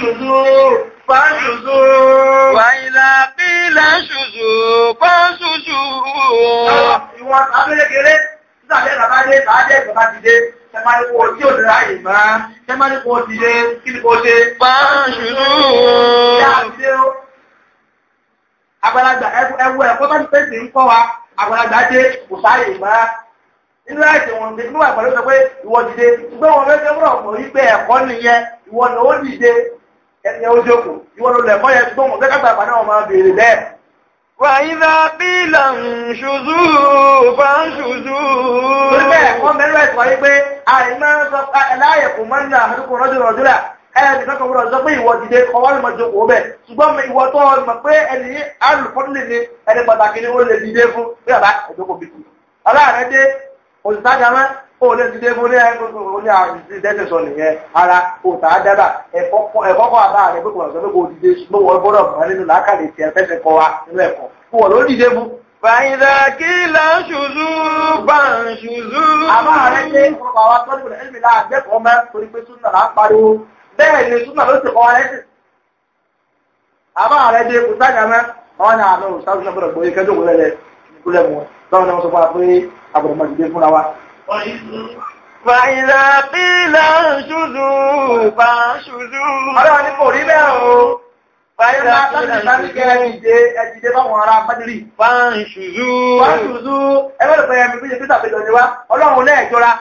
ṣùzú fáṣùzú. Wà ìlà bí ilẹ̀ ṣùzú fáṣùzú. Ìwọ̀n abẹ́lẹ́gẹrẹ sísàlẹ̀ ìràbádé tàádẹ́ ìjọba ti dé. Tẹ́mánikú ojú òdè ráyè máa. Tẹ́mánikú ti dé kí ni kò ṣe? Fáṣùzú. Àgbàlagbà ẹwú ẹ̀kọ́ tó ń pèsè ń kọ́ wa. Àgbàlagbà dé kò sáyè máa nínú àìsàn wọn ní wà pẹ̀lú sọ pé ìwọ dìde ṣùgbọ́n wọn fẹ́ fẹ́ mọ̀ ẹni ó jókòó ìwọ́n ló lẹ̀kọ́ yẹ ṣùgbọ́n òun tẹ́kàtà àpá náà máa béèrè bẹ́ẹ̀. wàyíná bílà ń ṣùzú bá ń ṣùzú. torí bẹ́ẹ̀ wọ́n mẹ́rin ẹ̀sìn wáyé pé àìmọ́ sọ láàyè kò mọ́ nínú àdúgbò rọ́jò rọ́jò rà ẹni kankan wúlọ sọ pé ìwọ dìde ọwọ́ ló máa jókòó bẹ́ẹ̀ ṣùgbọ́n ìwọ tó ọ mọ̀ pé ẹni alùpùpù ni ẹni pàtàkì ni ó lè dìde fún bí àbá ìjókòó bìtì. aláàrẹ dé òṣìṣẹ́ àdámẹ́ olè dìde mo ní ẹgbẹ́ oní àìsídẹ́sẹ̀sọ nìyẹn ara òtà àdábà ẹ̀kọ́kọ́ àbá rẹ̀ pé kò lọ́sọ̀ pé kò dìde ṣùgbọ́n wọ́n gbọ́dọ̀ mọ́ nínú làákàlẹ̀ tí ẹ fẹ́sẹ̀ kọ́ wa nínú ẹ̀kọ́ kò wọ́n ló dìde mu. fàyìndà kí là ń ṣùzú bá ń ṣùzú. àbá rẹ̀ ṣe ìfọ̀kọ̀ àwọn tó nílò ẹ̀mí láàgbẹ́kọ̀ọ́ mẹ́ torí pé súnà là ń pariwo bẹ́ẹ̀ ni súnà ló ti kọ́ wa lẹ́sìn. àbá rẹ̀ ṣe kò sáàjà mẹ́ àwọn náà àmì òṣàlùsọ̀ gbọ́dọ̀ gbòye kẹ́jọ́ gbọ́dọ̀ lẹ̀ nípínlẹ̀ mu lọ́wọ́ ni wọ́n Fàìlà pílà ṣùdù bá ṣùdù. Ọlọ́run ní kò rí bẹ́ẹ̀ o. Fàìlà pílà ṣùdù ẹjìdé báwọn ará Bádìrí. Fàìṣùdù. Fàìṣùdù. Ẹgbẹ́ lọ́pẹ́ ẹ̀mí bí ṣe pítà péjọ ni wá. Ọlọ́run náà jọra.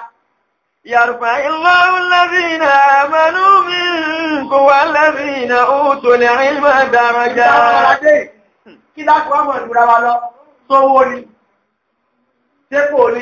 يرفع الله الذين آمنوا منكم والذين أوتوا العلم درجات Kí dákùn ọmọ ìrúra wa lọ, ni,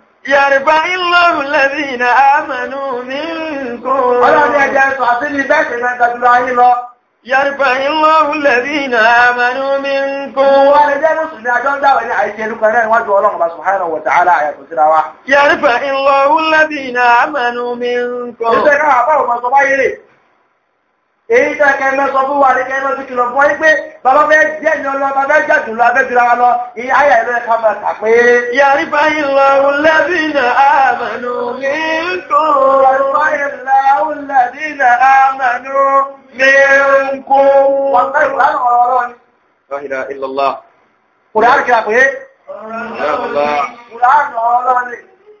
Yàrìbá ìlọ́rùn lẹ́bí ìnà àmànú minkum. Ọlọ́run ẹjẹ́ sọ àti ní bẹ́ẹ̀ sí náà dájú ayé lọ. Yàrìbá ìlọ́rùn lẹ́bí ìnà àmànú minkum. Wọ́n lè jẹ́ lóṣù ní àjọ́ ń dáwọ̀ ní àìṣe ẹnu kan náà níwájú Ọlọ́run bá subhanahu wa ta'ala àyàtọ̀ síra wa. Yàrìbá ìlọ́rùn lẹ́bí ìnà àmànú minkum. Ìṣẹ́ ká èyí tó ẹ̀kẹ́ mẹ́ sọ fún wa ní kẹ́mẹ́ sí kìlọ̀ fún ẹ pé bàbá fẹ́ jẹ́ ìyọ́ lọ bàbá fẹ́ jàdùn lọ abẹ́ jùlọ lọ ìyá ayà ìlú ẹ̀ka máa kà pé. yàrá báyìí lọ lẹ́bìnà àmàlù mi ń kó. yàrá báyìí lọ lẹ́bìnà àmàlù mi ń kó. wọ́n fẹ́ ìwúrà náà ọ̀rọ̀ ọ̀rọ̀ ni. láhìlá ìlọ́lá. kùrẹ́ àrùkìlà pé. ọ̀rọ̀ ọ̀rọ̀ ni.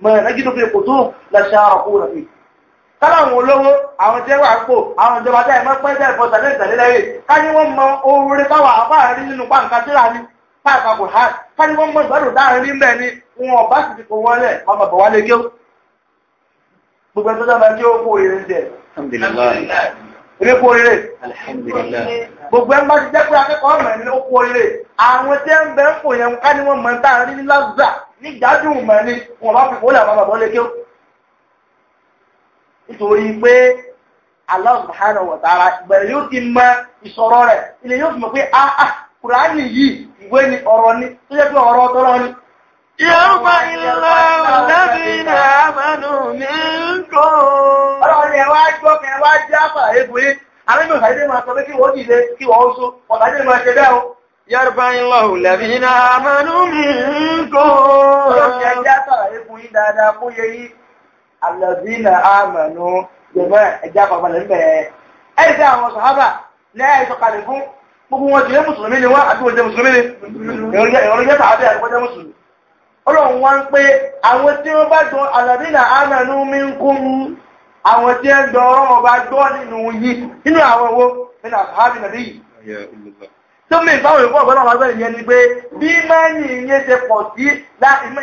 ما نجد في قطوب لشارقون فيه káláwọn olówó àwọn tí wà ń pò àwọn ìjọba tẹ́ ẹ̀mọ́ pẹ́ jẹ́ ìfọ́sà lẹ́yìn tẹ̀lé lẹ́yìn ká ní wọ́n mọ oore táwà àbáàrí nínú pàǹkà síra ní pàǹkà kò há ká ní wọ́n mọ ìgbádùn dáhùn ní bẹ́ẹ̀ ni wọn ọba sì ti kò wọ́n lẹ̀ ọmọ bọ̀ wálé gé gbogbo ẹgbẹ́ sábà kí ó kó oríire jẹ. ilé kó oríire. gbogbo ẹgbẹ́ bá ti jẹ́ pé akẹ́kọ̀ọ́ mẹ́rin ó kó oríire àwọn tí ń bẹ ń fò yẹn ká ní wọ́n mọ ní ìdádùn mọ̀ ní wọn bá fi kólà bàbá bọ́lé kí ó nítorí pé Allah subhanahu wa ta'ala ìgbẹ̀rẹ̀ yóò ti mọ ìsọ̀rọ̀ rẹ̀ ilẹ̀ yóò fi mọ̀ pé àà ah, ah, kùránì yìí ìwé ni ọ̀rọ̀ ni tó jẹ́ pé ọ̀rọ̀ tọ́rọ̀ ni Yọ́mọ ilẹ̀ ọ̀lẹ́bìnà àmànù ní kò. Ọlọ́run ni ẹwà gbọ́ kẹ wá jáfà ébùrí. Àwọn ìgbẹ̀rẹ̀ máa sọ pé kí wọ́n dìde kí wọ́n ó sún. Ọ̀tàdé máa ṣe bẹ́ẹ̀ o. yarba ìlọ́hù lẹ́bí iná àmọ́nú mi ń kó. Ọlọ́pẹ́ ẹjátọ̀ ẹkùn yí dáadáa kó yẹ yí. Àlọ́bí iná àmọ́nú jẹ̀mọ́ ẹjá kọ̀ọ̀bọ̀ lẹ́nu bẹ̀rẹ̀. Ẹ̀rí sí àwọn sọ̀hábà lẹ́yà ìsọ̀kalẹ̀ fún gbogbo wọn ti lé mùsùlùmí ni wọ́n àti wọ́n jẹ́ mùsùlùmí ni. Ìrọ̀lẹ́ jẹ́ sàábẹ́ àti wọ́n jẹ́ mùsùlùmí. tó mi ìbáwò ìwọ́ ọ̀gbọ́n àwọn agbẹ́rẹ̀ yẹn ni pé bí ìmánì yẹn ṣe pọ̀ sí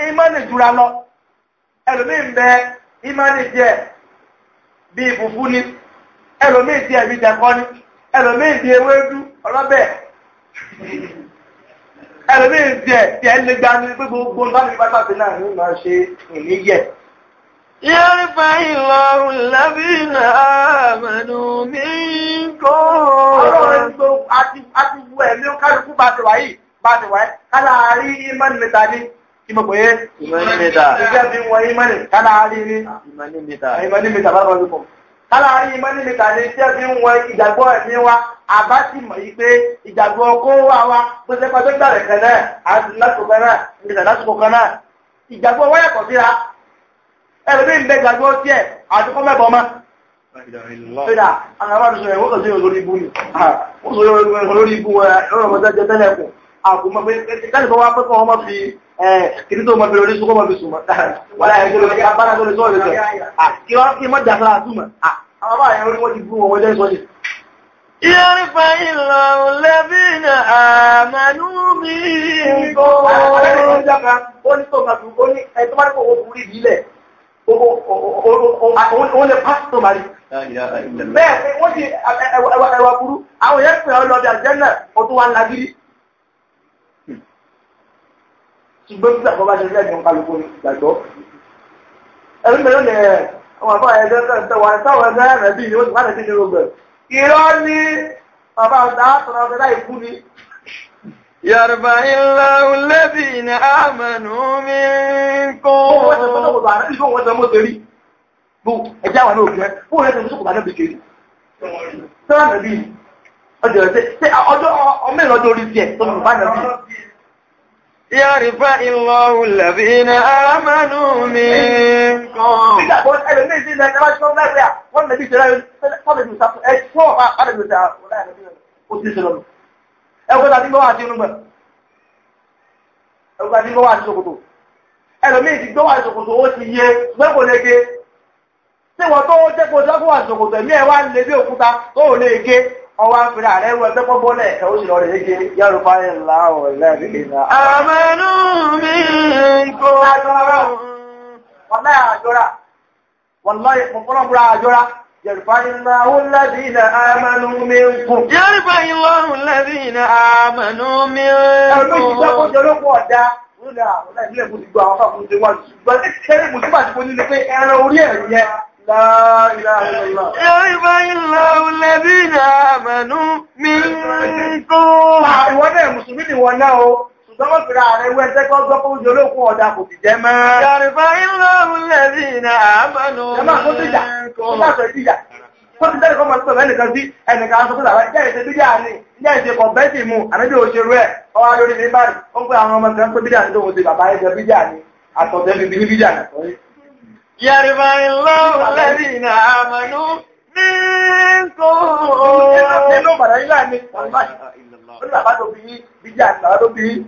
ìmánì jura lọ ẹlòmíì ń bẹ ìmánì díẹ̀ bí ìbùkún ni ẹlòmíì díẹ̀ bí ìjẹ̀kọ́ ni ẹlòmíì di ewédú ọlọ́bẹ̀ ẹlòmíì díẹ̀ tí ẹ lè gba ní pé gbogbo nǹkan nípa tàbí náà ní máa ṣe ìní yẹ. Yẹ́rìfà lábí náà mẹ́nu mí kọ́. Ọlọ́run gbogbo àti gbogbo ẹ̀mí ó kálukú bá ti wáyé bá ti wáyé káláàárí ìmọ̀nì mẹ́ta ní ìmọ̀pọ̀ yẹ ìmọ̀nì mẹ́ta ìjẹ́ bí wọ́n ìmọ̀nì káláàárí ní ìmọ̀nì mẹ́ta ìmọ̀nì mẹ́ta bá bá lóko káláàárí ìmọ̀nì mẹ́ta ní ìjẹ́ bí wọ́n ìgbàgbọ́ ẹ̀mí wa àbá sì mọ̀ yí pé ìgbàgbọ́ kó wà wá bó ṣe pàtó gbàrẹ̀ kan náà Fẹ́dà, àwọn àwọn àdúsọ ẹ̀wọ́n kọ̀sí olórí ibú ni. kọ́ Àwọn bá yẹn jẹ́ sọ́ọ̀jì. Yẹ́rìfà ó ní tó máa fi ó ní ẹ̀tọ́ bá ní kò wọ́n kúrú ìbílẹ̀ òun lè pásítọ̀ mari. bẹ́ẹ̀ ni wọ́n ṣe ẹwà burú àwọn èèyàn pè ọ́ lọ́dẹ àjẹ́nà ó tún wá nagiri. Hmm. ṣùgbọ́n tí àkọ́kọ́ bá ṣe rí ẹ̀jọ̀ kálukú ni gbàgbọ́. ẹ̀rí mi lónìí ẹ̀ ọmọ àbá ẹ̀jẹ̀ tẹ̀ wà sáwọn ẹ̀jẹ̀ rẹ̀ bí ni ó ti wá lẹ́sìn ní rògbẹ̀. irọ́ ní bàbá ọ̀dà àtọ̀rọ̀ ọ̀dà ìkú ni. يرفع الله الذين آمنوا منكم ẹjẹ́ àwọn olóògbé fún ọ̀rẹ́ tẹ̀sí ṣùkùnbà náà bèkèrè sọ́rọ̀ nàbí ọjọ́ ẹ̀sẹ̀ ọjọ́ ọmọ ìlọ́jọ́ orí tiẹ̀ tó nù bá nàbí. يرفع الله الذين آمنوا منكم Wọ́n lè bí ṣe rẹ̀ ṣọ́ọ̀bà, ọ̀rẹ́ mi ta, ọ̀rẹ́ mi ta, ó ti ṣe lọ́nà ẹgbẹ́ta tí gbọ́wà sí irúgbẹ̀ ẹgbẹ́ta tí gbọ́wà sí ṣòkòtò ẹlòmíì ti gbọ́wà sí ó ti yé ṣùgbọ́n kò tí wọ́n tó jẹ́ kó jọ́ gbọ́wà sí ẹ̀mí ẹ̀ lè bí òkúta tó ò lè ọwọ́ àfihàn ààrẹ wọ ẹgbẹ́ pọ́ bọ́lẹ̀ ó sì lọ rẹ̀ gé yàrá fáyẹ̀ يرفع الله الذين آمنوا منكم يرفع الله الذين آمنوا منكم Nílẹ̀ àwọn ilé ìbò ti gba àwọn fáwọn oúnjẹ wájú. Gbọ́n ní kẹ́rẹ́ ìbò tí bá ti kó nílé pé ẹran orí ẹ̀rí yẹ Yọ̀rìbá ìlà olẹ́bí Mùsùlùmí ni wọ́n náà o. Ṣùgbọ́n fìrà rẹ̀ wẹ́ tẹ́kọ́ gbọ́ kó olókun ọ̀dà kò fi jẹ mọ́. Yàrìfà ìlọ́run lẹ́bí ní àmànù. Ẹ máa kó dìjà, kó sàtọ̀ ìdíjà. Kó ti tẹ́lẹ̀ kọ́ máa tó dàbẹ́. Jẹ́ ìṣe bíjà ni, jẹ́ ìṣe bíjà ni lóhun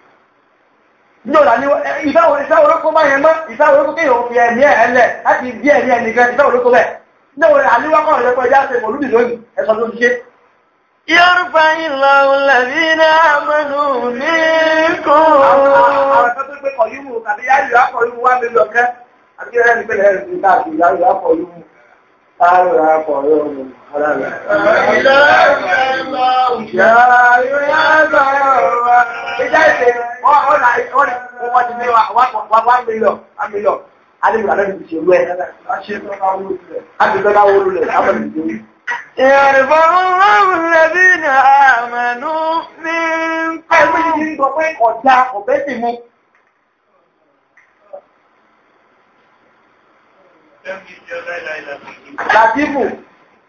níjọba ni eh, ìsáwò olóko bá yẹn mọ́ ìsáwò olóko kéèyàn fi ẹ̀mí ẹ̀ lẹ̀ láti bí ẹ̀mí ẹ̀ nìkan ìsáwò olóko bẹ̀ níjọba àníwákọ̀ rẹ̀ kọjá ṣe mọ̀lúbì lónìí ẹ̀sọ́ tó ti ṣe. Yorùbá ìlà òlàbí náà mọ̀nù ní kò. Àwọn akẹ́kọ̀ọ́ tó gbé kọ̀yúmù tàbí yáyù akọ̀yúmù wá mi lọ kẹ́. Àbí ẹ̀rẹ́ mi pẹ̀lẹ́ ẹ̀rẹ́ mi káàkiri yáyù akọ̀yúmù. Táyọ̀ akọ̀yúmù. Ìlà ìlà ìlà òjá. ọ̀nà ọ̀nà ọmọ ti ní wá mílíọ̀ mílíọ̀ adébùrà lẹ́nu ti ṣerú ẹ̀ àtìgbẹ́ká wọlú rẹ̀ àbẹ̀lẹ̀ ìdíwé. Ìrìnbọn ọlọ́run lẹ́bí ni àmẹ́nu ní pẹ̀lú. Ẹgbẹ́ yìí ń sọ pé ọ̀dà ọ̀bẹ́ sì mú. Làtífù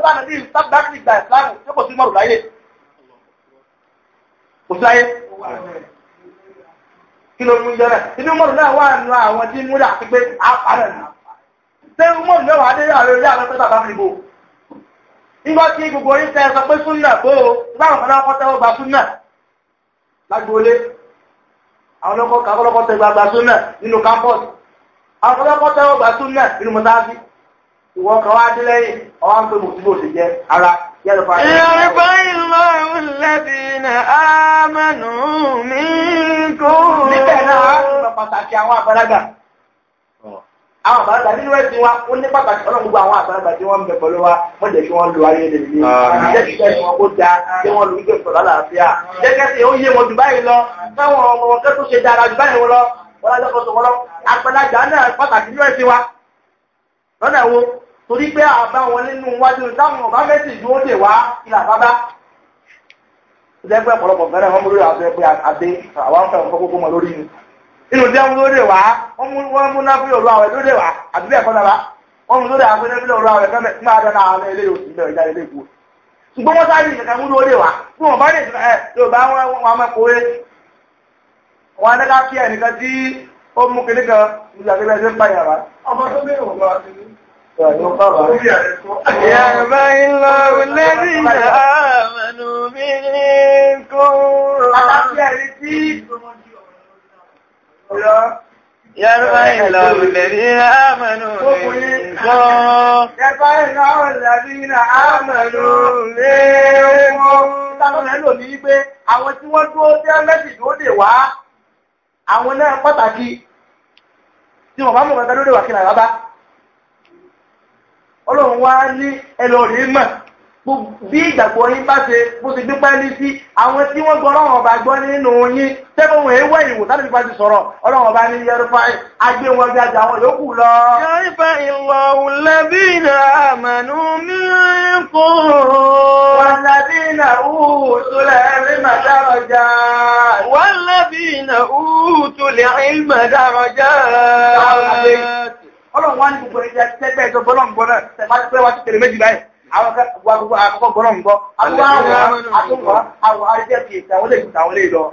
pé bá nàbí sábàkì ìgbà ìsìláàmù tí kò sí mọ́rù láyé kò sí láyé kí ló ń jẹ́rẹ̀ inú mọ́rù náà wà nù àwọn tí múlẹ̀ àti pé àpárẹ̀ nà ṣé mọ́rù náà wà á dé ààrẹ ilé àwọn pẹ́sà bá fi bò nígbà tí gbogbo yín tẹ́ sọ pé súnà bó o báwọn kan náà kọ́ tẹ́wọ́ gba súnà lágbóolé àwọn ọlọ́kọ̀ kọ́ tẹ́wọ́ gba súnà nínú kámpọ́ọ̀sì àwọn ọlọ́kọ̀ tẹ́wọ́ gba súnà nínú mọ́sáàsì ìwọ̀n kan wá dé lẹ́yìn ọwá ń pè mọ̀ tí bó ṣe jẹ́ ara yẹ́lùfà rẹ̀. ìyọ̀rùbá ìlọ́rù lẹ́bìnà ámànù mí kò. níbẹ̀ náà lọ pàtàkì àwọn àgbàlagbà àwọn àgbàlagbà nínú ẹ̀sìn wa ó ní pàtàkì ọlọ́run gbogbo àwọn àgbàlagbà tí wọ́n ń bẹ pẹ̀lú wa wọ́n jẹ́ kí wọ́n lo ayé lèmi jẹ́ kí ẹ̀sìn wọn kó da kí wọ́n lo wíkẹ́ sọ̀rọ̀ àlàáfíà jẹ́ kẹ́sì ó yé wọn jù báyìí lọ fẹ́wọn ọmọ wọn kẹ́tù ṣe dára jù báyìí lọ wọ́n lájọ́ kọ́sọ̀ wọn lọ àgbàlagbà náà pàtàkì nínú ẹ̀sìn wa lọ́nà wo torí pé àbá wọn nínú wájú táwọn ọ̀bá mẹ́sì yóò lè wá ilà bábá ìjẹ́gbẹ́ ọ̀pọ̀lọpọ̀ fẹ́rẹ̀ wọ́n mú lórí àbẹ́ pé àdé àwọn fẹ́ ọ̀pọ̀ gbogbo wọn lórí ni inú jẹ́ wọn lórí wá wọ́n mú náà fi òru àwẹ̀ lórí wá àbí bẹ́ẹ̀ kọ́ náà wọ́n mú lórí àwẹ̀ lórí òru àwẹ̀ fẹ́mẹ̀ tí máa dáná àwọn ilé òsì ilẹ̀ ìjà ilé ìgbò ṣùgbọ́n wọ́n sáré ìṣẹ̀kẹ́ mú lórí wá bí wọ́n bá lè ṣe Yorùbá wọn wọn mẹ́kọ̀ọ́ e. wọn adẹ́ká kí ẹnìkan tí ó mú kiri kan ìjà يرضى الله الذين آمنوا منكم يرفع الله الذين آمنوا منكم يرفع الله الذين آمنوا منكم Àwọn ẹlò ní pé àwọn tí wọ́n dúró tí wọ́n mẹ́sì dè wá, àwọn náà pàtàkì tí wọ́n bá mọ̀ kẹta dúró dè kí nàrà bá ọlọ́run wá ní ẹlọ́rìí mọ̀ bí ìgbàgbọ́ yín bá ṣe bó ti dúpẹ́ ní sí àwọn tí wọ́n gbọ́ ọlọ́run ọba gbọ́ nínú yín tẹ́gbọ̀n èèwọ̀ ìwò tàbí bá ti sọ̀rọ̀ ọlọ́run ọba ní yẹrùfà agbé wọn bí ajá wọn yòókù lọ. yẹrùfà ìwọ̀ lẹ́bìnà àmàlù mi kò. wọ́n lẹ́bìnà òòtúlẹ̀ ẹ̀rìnmà dárọjà. wọ́n lẹ́bìnà òòtúlẹ̀ ẹ̀rìnmà dárọjà. ọlọ́run wá ní gbogbo ẹ̀jẹ̀ pé wọ́n ti tẹ̀lé méjì báyìí àwọn gbogbo àkọ́kọ́ gbọ́nà ń gbọ́ àwọn àtúnwà àwọn àjẹ́kì ìtàwọlé ìtàwọlé lọ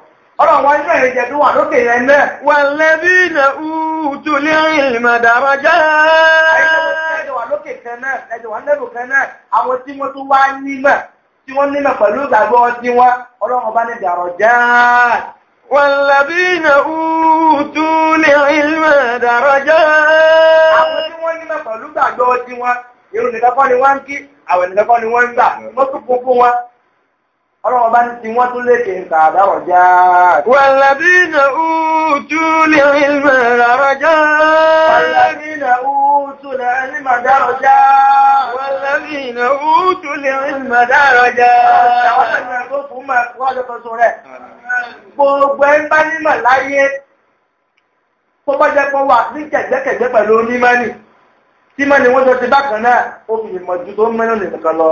ọ̀rọ̀ wọn inú ẹ̀rìn jẹ́ tó wà lókè rẹ̀ náà wọ́n lẹ́bí ilẹ̀ oòtú lé ìrìnmọ̀ dára jẹ́ ẹjọ́ wà lókè kan náà ẹjọ́ wà lẹ́bù kan náà àwọn tí wọ́n tó wá nímọ̀ tí wọ́n nímọ̀ pẹ̀lú ìgbàgbọ́ tí wọ́n ọlọ́run bá ní dàrọ̀ jáà wọ́n lẹ́bí ilẹ̀ oòtú lé ìrìnmọ̀ dára irun nìkan kọ́ ni wọ́n ń kí àwẹ̀ nìkan ni wọ́n ń gbà wọ́n tún kún fún ti wọ́n tún wàlàbí na útú lè ilmẹ̀ rárá já. wàlàbí na lè wàlàbí na lè àwọn tó fún rẹ̀. gbogbo ẹ̀ ń bá nímọ̀ láyé tó bá jẹ́ wà ní pẹ̀lú onímọ̀ nì. tí mọ́ ni wọ́n tó ti bákan náà ó fi lè tó mẹ́nu nìkan lọ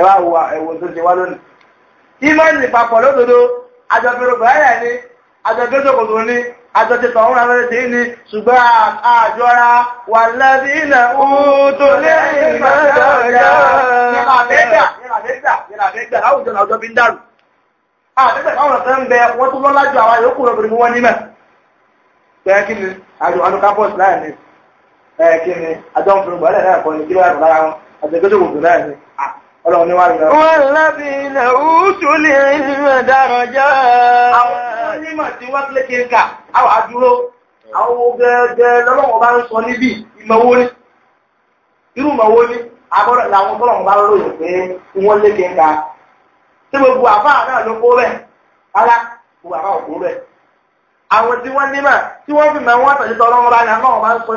ẹwà wà tó ti wá lónìí. tí ni papọ̀ lódodo àjọpẹ̀rọ̀ gbẹ̀rẹ̀ ni àjọjọ́jọ́kòtò ni ni ṣùgbọ́n wà lẹ́bí tó àbẹ́gbà àbẹ́gbà àbẹ́gbà láwùjọ làwùjọ ń dàrú àbẹ́gbà ń bẹ wọ́n tún ẹ kí ni àjọ ń fi gbọ́ ẹlẹ́dẹ̀ ẹ̀kọ́ ni kí ló wọn àti ẹgbẹ́ jòkó dùn ọlọ́run ní wà ní ọ̀rọ̀. wọ́n lè àwọn onímọ̀ tí wọ́n tilẹ̀ àwọn àdúró àwọn gẹ́gẹ́ lọ́lọ́wọ́ bá ń sọ ìmọ̀wó ní irú ìmọ̀wó ní bá pé wọ́n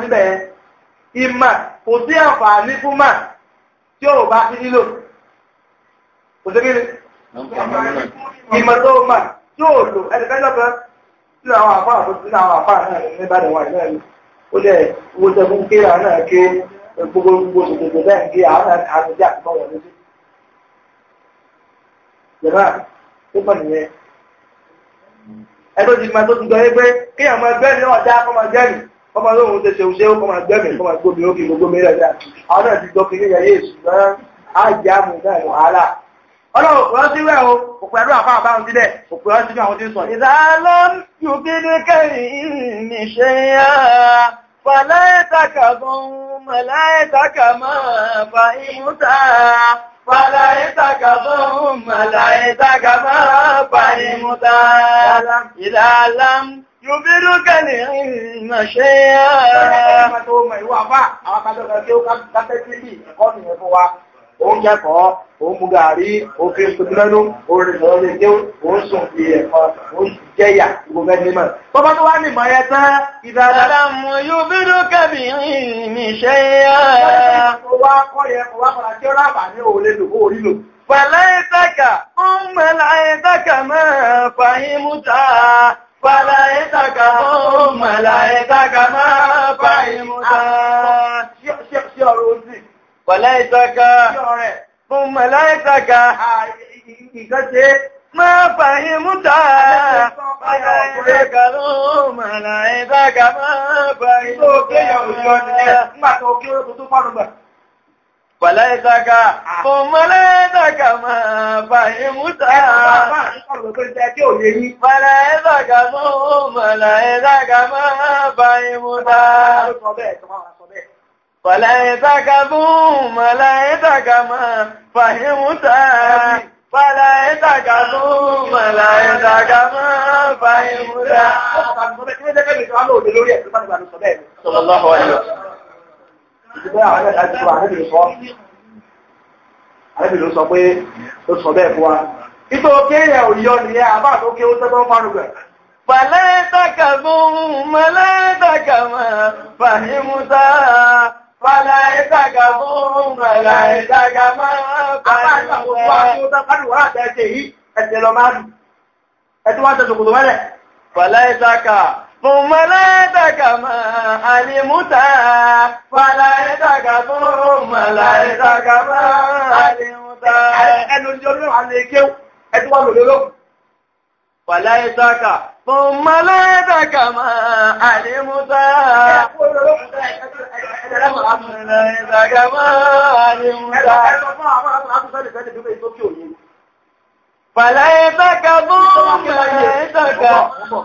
lé ìmà kò sí àǹfààní fún mà tí ò bá sí nílò kò sí kíni ìmọ̀ tó mà tí ò lò ẹnìkan lọ́pẹ́ nínú àwọn àfáà tó nínú àwọn àfáà náà ní bá dẹ̀wọ̀n náà ni ó lẹ̀ owó tẹkún ké àwọn náà ké gbogbo gbogbo ṣòkòtò náà ń ké àwọn náà kà á lójú àti bọ́wọ̀ lójú. Jẹ̀má tó pọ̀ nìyẹn. Ẹgbẹ́ ti máa tó ti gbọ́ yé pé kéèyàn máa gbẹ́ ní ọ̀dá kọ́ máa jẹ́rìí ọmọ olóhun tẹ ṣeun ṣe ó kọ́ máa gbẹ́mì kọ́ máa gbómi ókè gbogbo mẹ́rẹ̀ dáa àwọn náà ti dọ́kì ní ìyàyé ìṣùgbọ́n á jẹ́ àmú náà wàhálà ọlọ́run òpè ọ́ síwẹ̀ o òpè ẹ̀rọ àfáà bá ń sílẹ̀ òpè ọ́ síwẹ̀ àwọn tí ń sọ. ìdálọ́ kẹ́yìn ní yá fàlàyétàkà gan màláyétàkà máa fa ìmúta fàlàyétàkà gan màláyétàkà máa fa ìmúta ìdálọ́. Yòbírú kẹ́lẹ̀ ìmọ̀ṣẹ́ yá. Ọ̀rọ̀ tó mọ̀ ìwà bá àwọn akẹ́kọ̀ọ́ tí ó kápẹ́ sí bí ẹ̀kọ́ nìyẹn fún wa. Ó ń jẹ́kọ̀ọ́, ó ń mú gàrí, ó fi ṣubú lẹ́nu, ó rìn lọ lè dé, ó ń sùn fi ẹ̀kọ́, ó ń jẹ́yà gbogbo ẹni mọ̀. Bọ́bá tó wá ní ìmọ̀ yẹn tán, ìdára. Àlàmù yòbírú kẹ́lẹ̀ ìmọ̀ṣẹ́ yá. Ó wá kọ́ yẹn, ó wá padà tí ó rábà ní òòlè lò, ó rí lò. Fàlẹ́ ìtàkà, ó ń mẹ́lá ìtàkà máa fàyín mú ta. Fàlàyétàkà ó màlàyétàkà máa bá ìmúta. Ṣé ọ̀rọ̀ òsì? Fàlàyétàkà. Ṣé ọ̀rẹ́? Fún màlàyétàkà. Ìkọ́ṣe máa bá ìmúta. Fàlàyétàkà ó màlàyétàkà máa bá ìmúta. Fàláìtàkà, kò mọ́láìtàkà máa bà ìmúta. Fàláìtàkà mọ́ mọ́láìtàkà máa bà ìmúta. Fàláìtàkà mọ́ mọ́láìtàkà máa bà ìmúta. Fàláìtàkà mọ́ mọ́láìtàkà máa bà ìmúta. Sọ̀rọ̀lọ́wọ́ ìgbẹ́ àwọn ẹ̀dẹ́gbẹ́ àrẹ́bì ló sọ àrẹ́bì ló sọ pé ó sọ bẹ́ẹ̀ fún wa ìtò òkè ẹ̀ òyọ nìyẹn àbá tó ké ó tẹ́tọ́ fárúgbẹ̀ Fàlẹ́tàkàmùn mẹ́lẹ́tàkàmà fàhímútà Fàlẹ́tàkàmùn mẹ́lẹ́tàkàmà fàhímútà ثم لا يدك ما علمت فلا يدك ثم لا يدك ما علمت ẹnu ní olóòrùn àlè kéw ẹtí wà lòlòlò fàlá ìdáka ثم لا يدك ما علمت fàlá ìdáka ما علمت fàlá ìdáka ثم لا يدك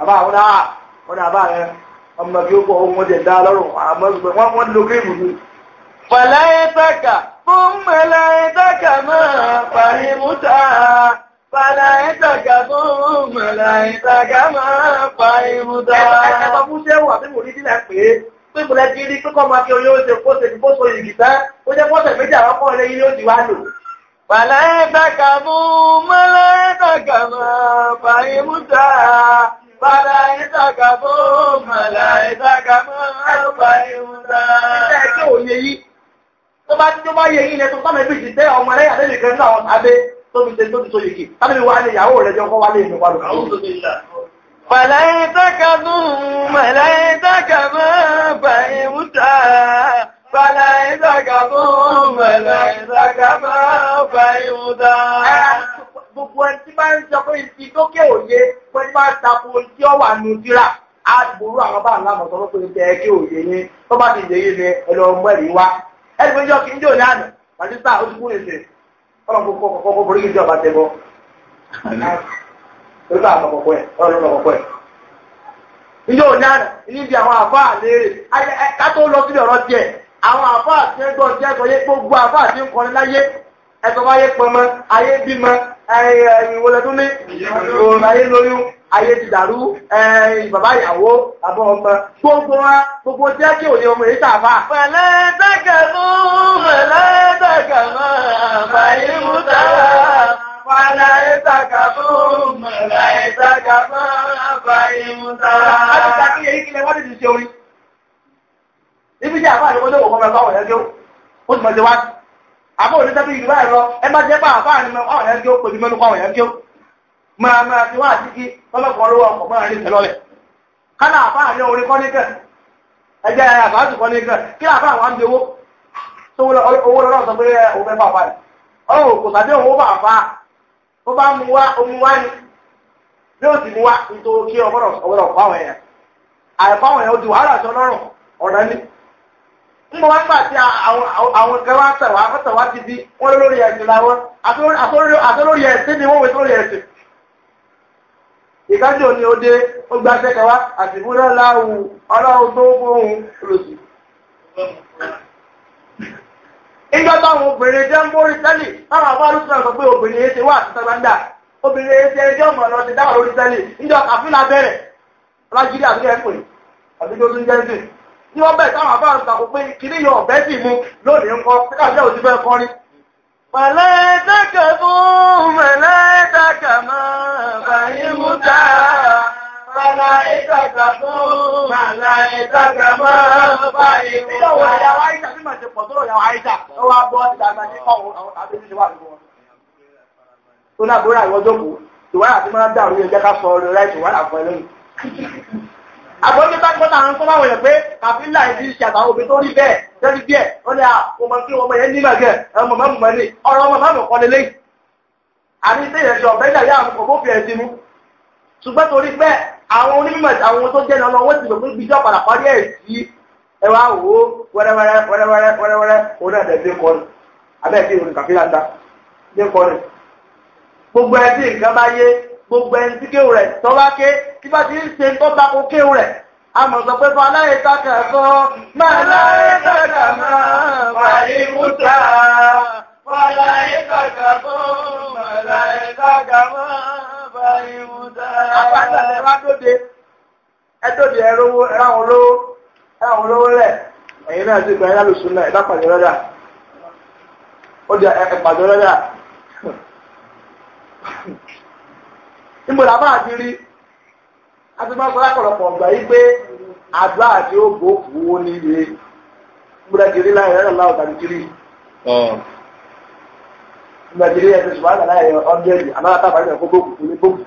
àbá àwọn náà wọn ni àbá rẹ ọmọ bí ó pọ̀ ohun wọn jẹ̀ dá lọ́rùn àmọ́ wọn lo géèmù ni. fàlàyétàkà fún mẹlàyétàkà máa fàyèmúta fàlàyétàkà fún mẹlàyétàkà máa fàyèmúta. ẹ ẹ ẹ bá fún sẹ́wọ̀n àbí mòrí dín náà pé pé mo lẹ́jí rí pé kọ́ máa fi oyún oṣù kó ṣèlú bóso ìgìtá ó jẹ́ pọ́sẹ̀ méjì àwọn ọkọ rẹ̀ yìí ó ti wá lò. Fàlàyé dàgàmú mọ́lẹ́ dàgàmú fàyè múta Màláìsàkà bó màláìsàkà mọ́ àrùbá ìhùndà. Ìṣẹ́ ẹ̀kẹ́ òye yìí, tó bá tí ó bá yẹ yìí lẹ́tọ́ sọ́mọ̀ ẹbí ti tẹ́ ọmọ lẹ́yà lẹ́yìn kan náà abẹ́ tó fi tẹ́ tó fi so yìí. Tábìlì wa ni ìyàwó rẹ̀ jọ kọ́ wálé ìlú wa lọ. Màláìsàkà bó màláìsàkà mọ́ àrùbá ìhùndà. Màláìsàkà bó màláìsàkà mọ́ àrùbá ìhùndà. gbogbo ẹni tí máa ń sọ pé ibi lókè òye pé ní máa tako tí ó wà nù síra á àwọn bá ńlá mọ̀tọ́ lóko tẹ kí òye yín tó bá ti yẹyẹ ni ẹ ẹ̀rí wá ẹni pé ó ti kú ọlọ́run kò ìwọlẹ́dún ní ayé lóyún ayé ti dàrú bàbá ìyàwó àbọ̀ ọmọ gbogbo wa gbogbo tí a kí òní ọmọ èyí tààfà. pẹ̀lẹ́ dẹ́gẹ̀ mú pẹ̀lẹ́ dẹ́gẹ̀ mú àbáyé mú tààrà pẹ̀lẹ́ dẹ́gẹ̀ mú pẹ̀lẹ́ dẹ́gẹ̀ mú àbáyé mú tààrà. a ti sàkíyè yìí kílẹ̀ wọ́n ti ti ṣe orin. ibi jẹ́ àbá àdókòtò òkú ọmọ ẹ̀kọ́ ọ̀rẹ́ tó ó ti mọ̀ ṣe wá sí àbọ̀ òní tẹ́tí ìlú báyìí lọ ẹ má jẹ́ bá àbá ni àwọn èèyàn jó pèsè mẹ́nu àwọn èèyàn jó máa máa ti wá àtìkí ọlọ́pàá olówó ọkọ̀ máa rí tẹ́lọ́lẹ̀ kánà àbá àní orin kọ́ níkẹ̀ ẹjẹ́ àbá àti kọ́ níkẹ̀ kí àbá àwọn àmì owó tó owó lọ́rọ̀ sọ pé òun fẹ́ fàfà rẹ̀ ọ̀rọ̀ kò sàdé òun bá fà á ó bá mu wá omi wá ni yóò sì mu wá nítorí kí ọgbọ́dọ̀ ọgbọ́dọ̀ fáwọn èèyàn àìfáwọn èèyàn ó di wàhálà sọ lọ́rùn ọ̀rẹ́ ni ń bọ̀ wá gbà tí àwọn kan ti di wọn lórí ẹ̀sìn láwọn àtọ́lórí ẹ̀sìn ni wọ́n wé sórí ẹ̀sìn. ìkájọ ni ó dé ó gba tẹ́kẹ̀ wá àtìmúlẹ̀ láwù ọlọ́run tó fóun ìjọ táwọn obìnrin ń bórí táwọn alùpùpù sọ pé obìnrin ti àti sàgbàǹdà obìnrin ti lọ dáwà lórí ìjọ ní wọ́n bẹ̀rẹ̀ táwọn àbáwọn ìtàkùn pé kìíní yọ ọ̀bẹ́ sì mú lónìí ń kọ́ kíkàjẹ́ òsì fẹ́ kọ́ rí. mẹ̀lẹ́tẹ̀kẹ̀ fún mẹ̀lẹ́tẹ̀kẹ̀ mọ́ bàyí mú ta mẹ̀lẹ́tẹ̀kẹ̀ fún mẹ̀lẹ́tẹ̀kẹ̀ mọ́ bàyí mú ta. ìyàwó ìyàwó àyíṣà sí màá ṣe pọ̀ tó àgbọ́njẹ́ bá gbọ́ta àwọn tó báwọn yẹ̀ pé kàfílà ìdí ìṣẹ́ àtàwọn òbí tó rí bẹ́ẹ̀ lẹ́rí díẹ̀ ó ní ọmọ tí ọmọ yẹn nígbà gẹ̀ ọmọ mọ́mù mọ́ ní ọ̀rọ̀ ọmọ mọ́mù kọ́ lélẹ́ àní tí ìrẹsì ọ̀bẹ náà yà àwọn kòkó fi ẹ̀sìn mú ṣùgbọ́n torí pé àwọn onímọ̀ àwọn tó jẹ́ lọ́nà wọ́n ti lò pé gbígbé ọ̀padà parí ẹ̀ sí ẹ wá wò ó wẹ́rẹ́wẹ́rẹ́ wẹ́rẹ́wẹ́rẹ́ wẹ́rẹ́wẹ́rẹ́ òun náà dẹ̀ kọ́ ni abẹ́ẹ̀ tí ìròyìn kàfílà ń ta dé kọ́ ni gbogbo ẹ tí nǹkan bá yé gbogbo ẹni tí kéwù rẹ̀ tọ́wá ké kí bá ti ń ṣe tó tako kéwù rẹ̀ a mọ̀ sọ pé fún aláyè takà kan máa láyè takà máa múta múta. wá dóde náà náà pàdé lọ́dà ó di lọ́dà. nígbòdà bá àti rí àtúmọ̀sọ́ lápọ̀lọpọ̀ ọ̀gbà yìí pé àdúrà àti ògbó kù ó nílé nígbòdà ti rí láyé rẹ̀ láwọ̀ tàbí kiri. nígbà tí rí ẹsẹ̀ ṣùgbọ́n àgbàlá ẹ̀ ọ́ndẹ́ẹ̀dì àmọ́ àtàwọn àgbàlá ẹ̀ gbogbo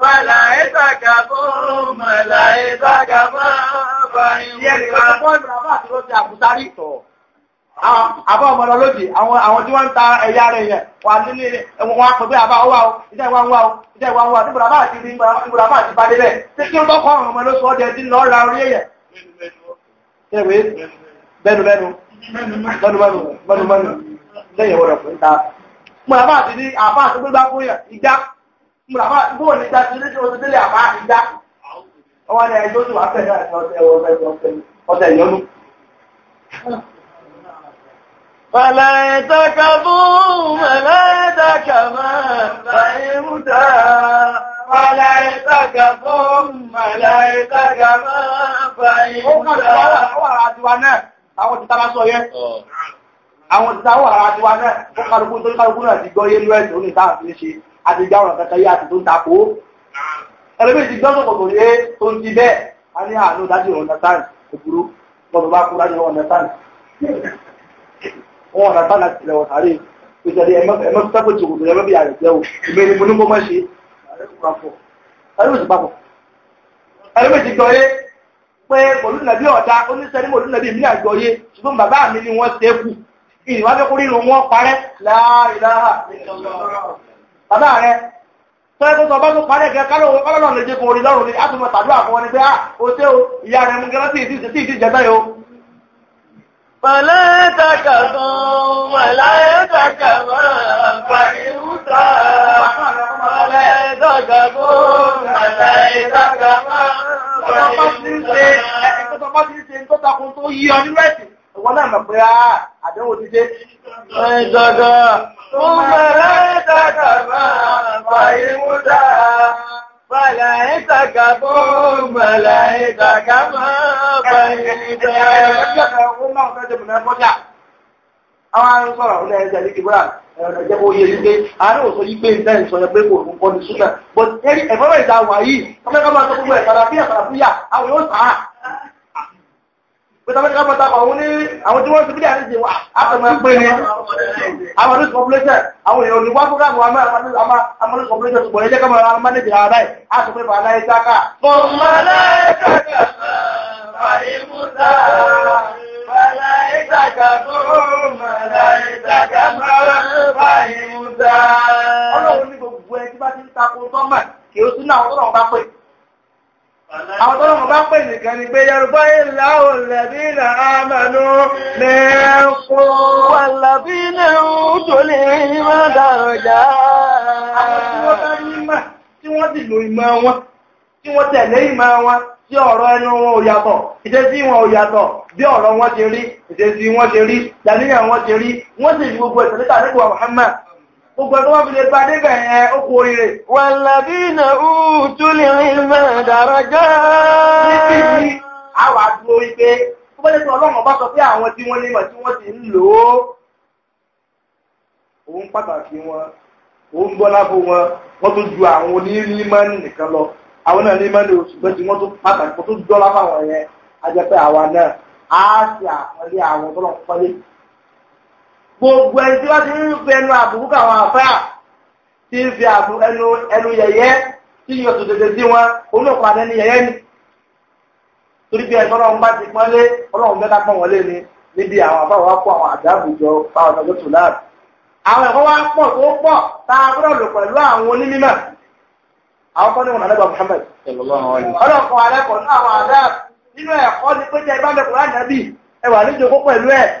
Màláìsàkà fún màláìsàkà máa bá ìwé. Ìyẹn ìgbà tó ń bọ̀ àbá àti ló ti àkútárì tọ̀ àbá ọmọdé lójì àwọn àwọn tí wọ́n ń ta ẹ̀yà rẹ̀ yẹn wà nílé wọn àpẹgbẹ́ àbá ọwá o ìjẹ́ ìwà ń wá o ìjẹ́ ìwà ń wá o nígbàdàbà àti nígbàdàbà àti bá débẹ̀ tí kí n bọ́ kọ́ ọ̀rùn ọmọdé sọ́ọ́dẹ tí lọ́ọ́ ra orí ẹ̀yẹ. ṣèwé bẹ́nubẹ́nu bẹ́nubẹ́nu bẹ́nubẹ́nu lẹ́yìn ìwọ̀rọ̀ fún ta. mọ̀ àbá àti ní àbá àti gbégbá fún yẹn ìjà bàbá bóò ní gba tìlú tó délé àbá ìgbà ọwọ́ ni ẹjọ́ tó wà fẹ́ náà ní ọ̀sẹ̀ ọ̀sẹ̀ ọ̀sẹ̀ ìyọnu. Fẹ̀lẹ̀ ìtẹ́kà fún fẹ̀lẹ̀ ìtẹ́kà máa fẹ̀yìn mú ta. Fẹ̀lẹ̀ ìtẹ́kà fún fẹ̀lẹ̀ ìtẹ́kà máa fẹ̀yìn mú ta. Ó kàn sí àwọn ará tiwa náà, àwọn ti tára sọ yẹn. Àwọn ti táwọn ará tiwa náà, ó kàlùkù tó kàlùkù náà ti gbọ́ yé lú ẹ̀sìn ó ní táà fi àti ìjà ọ̀rọ̀ kankan yá àti tó ń takò ẹlẹ́bí ti gbọ́n sọ̀kọ̀ yé tó ń ti bẹ́ẹ̀ a ní àánú dájú ìwọ̀n nàtàn òbúrú bọ́ọ̀lù bá kú dájú ìwọ̀n nàtàn wọn nàtàn láti ilẹ̀ wọ̀tàrí ìṣẹ̀lẹ̀ ẹ̀mọ́ sẹ́kọ̀ tó kòtò ẹ̀mọ́ bí ààrẹ jẹ́ o ìmọ̀ ni mo ní kó mọ́ ṣe ẹlẹ́bí ti gbọ́ yé pé mòlú nàbí ọ̀dà oníṣẹ́ ní mòlú nàbí mi náà gbọ́ yé ṣùgbọ́n bàbá mi ni wọ́n ṣe bàbá rẹ tọ́lẹ́tọ́ tọ́ bá tó parẹ́ gẹ kálọ̀lọ́ lè jẹ́ kó orí lọ́rùn ní àtúmọ̀ tàbí àfọwọ́ ni pé ó tẹ́ o ìyá rẹ̀ mú gẹ́rẹ́ sí ìdí sí ìdí jẹ́bẹ́ o. pẹ̀lẹ́ tàkà gan pẹ̀lẹ́ tàkà gan pàrìwúta pẹ̀lẹ́ tàkà gan pẹ̀lẹ́ tàkà gan pàrìwúta. ẹ̀ẹ́dẹ́gbẹ́ tó bá ti ṣe ń tó takun tó ثم ليتك ما فهمت فليتك ثم ليتك ما فهمت àwọn arìnrìn sọ̀rọ̀ ọ̀nà ẹ̀jẹ̀ ní kìbúrà ẹ̀jẹ̀ bó yẹ wípé àárẹ̀ òsọ yí pé ìdá ìsọ̀rọ̀ pé kò rún kọ́ ní ṣúgbà but ẹ̀fọ́rọ̀ ìdáwà yìí ọmọ ẹ̀kọ́ máa sọ gbogbo ẹ̀fàdà fíyà fàdà fíyà àwọn yóò sàá pẹ̀lú ká pàtàkì àwọn ní àwọn tí wọ́n ti bídà ní ti wà àtàmà pé ní àwọn ọdún kọ̀pùlẹ́tẹ̀ àwọn èèyàn ní wákúrò àwọn amọ́lú kọ̀pùlẹ́tẹ̀ ṣùgbọ́n ẹjẹ́ kọ́mọ̀ àwọn mánẹ́jì ara ẹ̀ á sọ pé bàálá ẹ̀ sáká. Bọ̀mọ̀lá ẹ̀ sáká fàìmúta, bàálá ẹ̀ sáká bọ̀mọ̀lá ẹ̀ sáká fàìmúta. Ọlọ́run ní gbogbo àdéhìsì kan ni pé yorùbá ìlà òlẹ̀bí nà ámànú mẹ́kọ́ wàlàbí náà ó tó lè rí má dàrọ̀já tí wọ́n ti lò ìmọ̀ wọn tí wọ́n tẹ̀lé ìmọ̀ wọn tí ọ̀rọ̀ ẹnu wọn ò yàtọ̀ Wàlàbínà útúlì ìlmẹ̀ dàrájá. Níbi ni a wà dúró wípé, ó bẹ́lẹ̀ tí ọlọ́run bá sọ pé àwọn tí wọ́n nímọ̀ tí wọ́n ti ń lò ó. Òun pàtàkì wọn, òun gbọ́lá wọn, wọ́n tó ju àwọn nìkan lọ. Àwọn náà gbọ́lá a gbogbo ẹni tí wọ́n ti ń fi ẹnu àbùkù káwọn àfáà tí ń fi ẹnu ẹnu yẹ̀yẹ́ tí yóò tó tètè sí wọn olóòkú adé ni torí bí ẹni ọlọ́run bá ti pọ́n lé ọlọ́run bẹ́ẹ̀ ká pọ́n wọlé ni níbi àwọn àbáwọ̀ wá kó àwọn àdáàbòjọ fáwọn ọ̀dọ́ tó láàbù àwọn ẹ̀kọ́ wá pọ̀ tó pọ̀ tá a gbọ́dọ̀ lò pẹ̀lú àwọn onímọ̀ àwọn ní wọn ọlọ́kọ̀ alẹ́kọ̀ọ́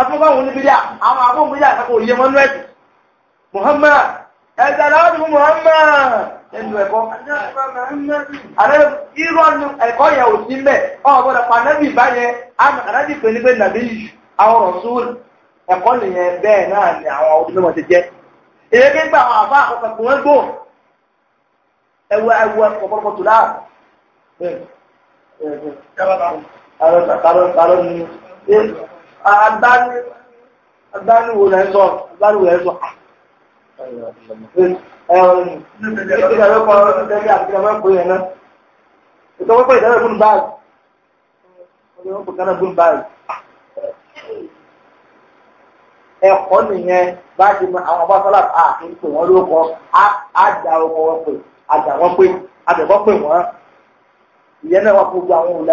ẹfún bá wọn níbi díà àwọn àbọ̀n bíyà ẹ̀kọ́ òye mọ́nú ẹ̀sìn Muhammad ẹ̀sẹ̀ Muhammad ẹnu ẹ̀kọ́ irọ́ nu ẹ̀kọ́ yẹn ò sí mbẹ́ ọ̀gbọ́dọ̀ pànẹ́bì báyẹn ànàbì pé àwọn àwọn àwọn ọ̀pọ̀lọpọ̀ tó agbániwò rẹ̀ sọ agbániwò rẹ̀ sọ ìtọ́wọ́pọ̀ ìdáwọ̀ gún báyìí ọdún kànáà gún báyìí ẹ̀kọ́ nìyẹn bá ti mọ àwọn ọba sọ́lá ọrụ ń pè wọ́n lóko àdá ọkọ wọn ìyẹn náà wọ́n fún gbogbo àwọn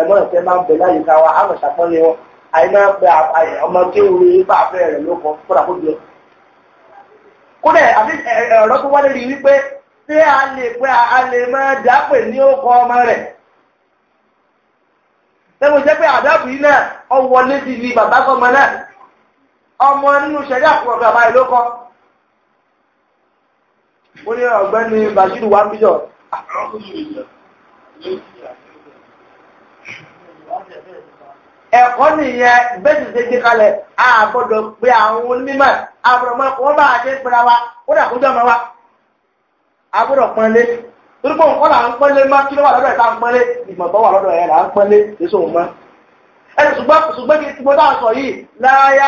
máa ń bẹ̀ láyé wọn àìmọ́ pé ọmọ kéwù bá fẹ́ rẹ̀ ló kọ kódà kó jẹ. kódà àti ẹ̀rọ tó wá lórí wípé ṣé a lè pé a lè máa dápè ní ọkọ ọmọ rẹ̀. tẹ́wọ́n jẹ́ pé àdábù yìí náà ọwọ́ lédi ni bàbá kọ́mọ náà ọmọ nínú ṣẹ̀dá àpò ọ̀gá àbáyé ló kọ́. ó ní ọ̀gbẹ́ni Bashiru wa bíjọ. Thank you. ẹ̀kọ́ nìyẹn bẹ́ẹ̀ ti ṣe a kalẹ̀ àgbọ̀dọ̀ pé àwọn onímọ̀ àbùrọ̀mọ́ wọn bá pẹ̀lá wa ó dà kójọ́ wa àgbọ̀dọ̀ pọ́nlé torí pé là ń pọ́nlé má kí ló wà lọ́dọ̀ ẹ̀ ń wà lọ́dọ̀ ẹ̀ là ń èso mọ́ ṣùgbọ́n kí mo dáa sọ yìí láyá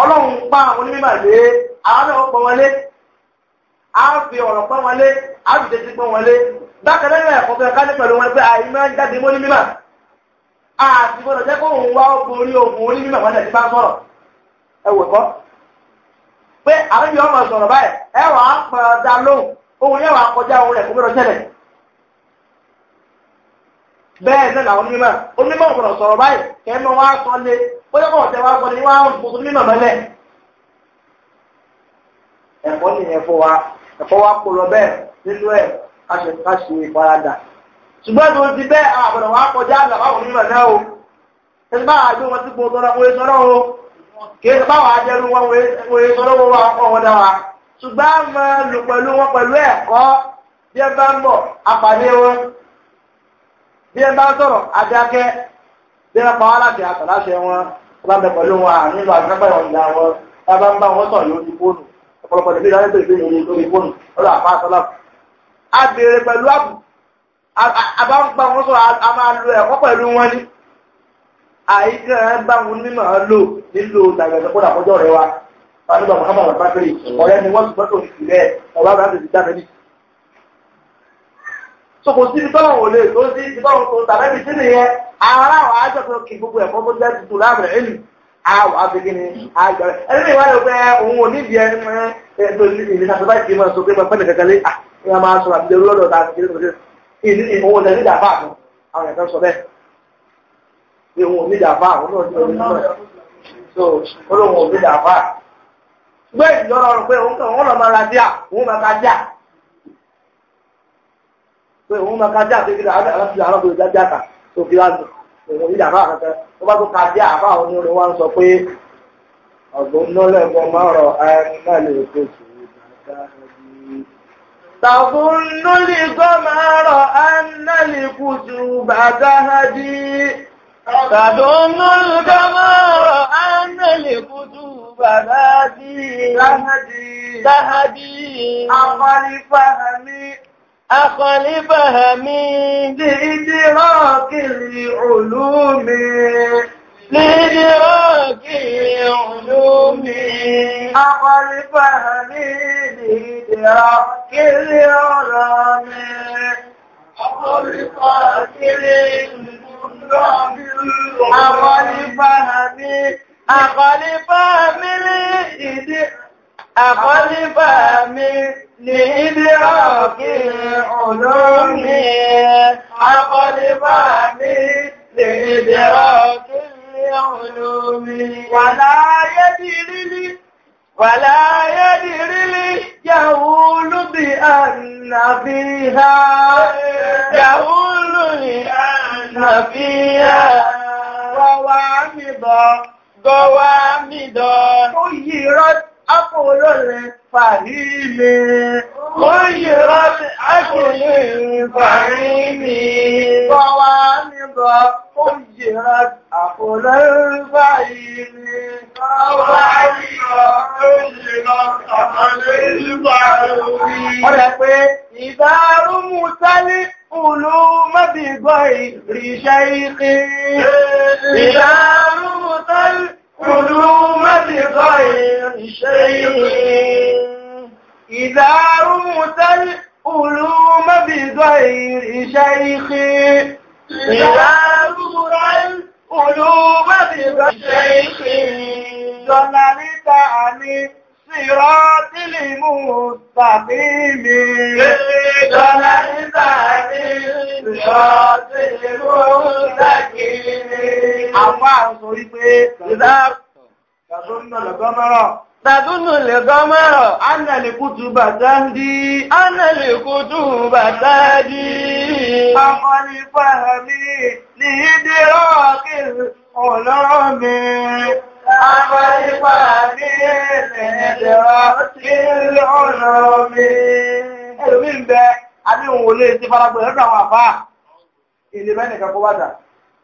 ọlọ́run pa àwọn onímọ̀ lé àwọn náà pọ̀ wọlé a fi ọ̀rọ̀ pọ̀ wọlé a fi tètè pọ̀ wọlé bákan náà ẹ̀kọ́ fẹ́ ká ní pẹ̀lú wọn pé àyè máa ń jáde mọ́ onímọ̀ àti gbọ́dọ̀ jẹ́ kó òun wá ogun wọn tẹ̀sí bá sọ̀rọ̀ kọ́ pé àwọn sọ̀rọ̀ báyìí á pọ̀ lóhùn rẹ̀ kó bóyá kọ̀ ọ̀tẹ̀ wa gbọ́dọ̀ ní wàá kò tó ní màmá lẹ̀. ẹ̀fọ́ nìyẹn fọ́ wa ẹ̀fọ́ wa kò lọ bẹ́ẹ̀ nínú ẹ̀ ká ṣe ká ṣe ìfaradà. ṣùgbọ́n tó ti bẹ́ẹ̀ àbọ̀dọ̀ wa kọjá àgbà báwọn náà o. ẹni bá àjọ wọn ti gbọ́dọ̀ o kì í ṣe báwọn ajẹ́rú wọn wọ́n sọ́rọ́ wọn wá ọkọ̀ wọn dá wa. ṣùgbọ́n a máa lò pẹ̀lú wọn pẹ̀lú ẹ̀kọ́ bí ẹ bá ń bọ̀ tí wọ́n pa wá láti àtàláṣẹ wọn bá bẹ pẹ̀lú wọn ànílò àgbẹ́gbà ìwọ̀nìyà wọn bá bá ń bá wọn sọ̀rọ̀ lórí fóònù ọ̀pọ̀lọpọ̀ lè dáná pèsè ìròyìn lórí fóònù lọ́dọ̀ àpá sọ́lá. a béèrè pẹ̀lú àbù àbá ń bá wọn sọ̀rọ̀ a máa lo ẹ̀kọ́ pẹ̀lú wọn ni. àyíká ẹ̀ ń bá wọn mímọ̀ ọ́ lò nílò ìdàgbàsókòdà tó kò síbi tọ́lọ̀ wò lè tó sí ti báwọn tó tàbí sí nìyẹn ara àwọn àjọ tó kì gbogbo ẹ̀kọ́ tó jẹ́ tuntun láàbẹ̀ ẹ̀lì àwọn abẹ́gẹ́ ni àjọ rẹ̀ ẹni ní ìwádìí pé òun ò ní ìdí ẹni mọ́ ẹ̀tọ́ ìlú ìsàtọ́bá ìkì mọ́ sọ pé mọ́ pẹ́lẹ̀ kẹkẹlé ní a máa sọ àbílẹ̀ olóòdọ̀ ta ti kéré ìlú òun ò ní ìdàfà àwọn àwọn ẹ̀kan sọ bẹ́ẹ̀ ti ọdún pé òun máa kájá pé tó sọ pé القمر أن الكتب تهدي تظن القمر أن الكتب تهدي تهدي أقل فهمي أقلبها من لإدراك العلوم لإدراك العلوم أقلبها من لإدراك العلوم أقلبها من أقلبها من أقلبها من لإدراك العلوم عقل فهمي لإدراك العلوم ولا يدري ولا يدري الجهول بأن فيها جهول بأن فيها ووامض قوامض غيرت akọ̀ọ̀lọ́ rẹ̀ fàhílẹ̀ wọ́n yẹ rámi akọ̀ọ̀lẹ̀ fàhílẹ̀ bọ́wà níbọ̀ ó yẹ rámi akọ̀ọ̀lẹ̀ fàhílẹ̀ bọ́wà níbọ̀ ó yẹ rámi akọ̀ọ̀lẹ̀ fàhílẹ̀ ọ̀rẹ́ pé ìdárúmù sálí قلوب بغير شيخ إذا كلوا بغير شيء إذا رمت الألوم بغير شيخ إذا رمت الألوم بغير شيخ ظللت عن صراط المستقيم اهدنا الهدى صراط المستقيم àwọn àṣọ ìpé ìdá ṣàtúnnà lọ́gọ́mọ́rọ̀ Tàdúnù lè gọ́mọ́rọ̀, ánà lè kútù bàtà ń dí, ánà lè kútù bàtà dí. Ọkọ̀ ní fàhàmí ní ìdí rọ́ọ̀kì ọlọ́rọ̀ mi àbáyípa ní ìlẹ̀ẹ̀dẹ̀wà ilé ọ̀nà mi. Ẹlòmí ń bẹ àbíhùn olè ti faragbọ̀ lọ́dọ̀ àwọn àbá. Ilé bẹ́nìkan kó bàtà,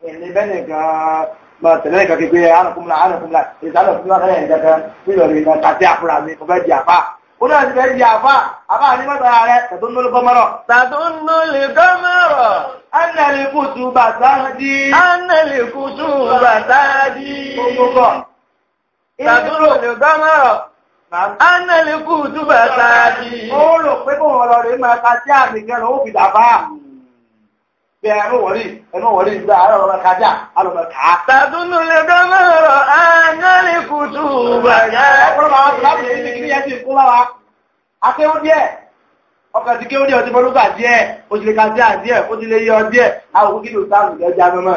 ilé bẹ́nìkan máa tẹ̀lé nìkan kí pé àrùnkúnmùlà àrùnkúnmùlà ìsàlọ̀ fún wa lẹ́yìn ìjọba nílò rí ma tàbí àfúrà mi kò fẹ́ di àfá. Ó náà ti fẹ́ di àfá, àfá ní mọ́tò ara rẹ̀ tàbí ń lórí gọ́mọ́rọ̀. Tàbí ń lórí gọ́mọ́rọ̀. Ánàlì kùtù bàtà dí. Ánàlì kùtù bàtà dí. Gbogbo Tàdúrò lè gbọ́mọ̀rọ̀. Anna lè kú túbà sáájì. Ó rò pé bó wọn lọ rí máa kájí àmì kẹrin ó fi dàbá. Bí ẹnu wọ̀rí, ẹnu wọ̀rí ìgbà àárọ̀ lọ́mọ kájá, àlọ́mọ ká. Tàdúrò lè gbọ́mọ̀rọ̀. Anna lè kú túbà sáájì. Ọ̀pọ̀lọpọ̀ àwọn ọ̀pọ̀lọpọ̀ èyí ti kí ní ẹ ti kú lára. Akéwọ́ díẹ̀ ọkà tí kí ó ní ọdún bọ́lúgbà díẹ̀ ó ti lè ka díẹ̀ díẹ̀ ó ti lè yọ díẹ̀ àwọn òkú kí ló sáà nìjọ já mọ́mọ́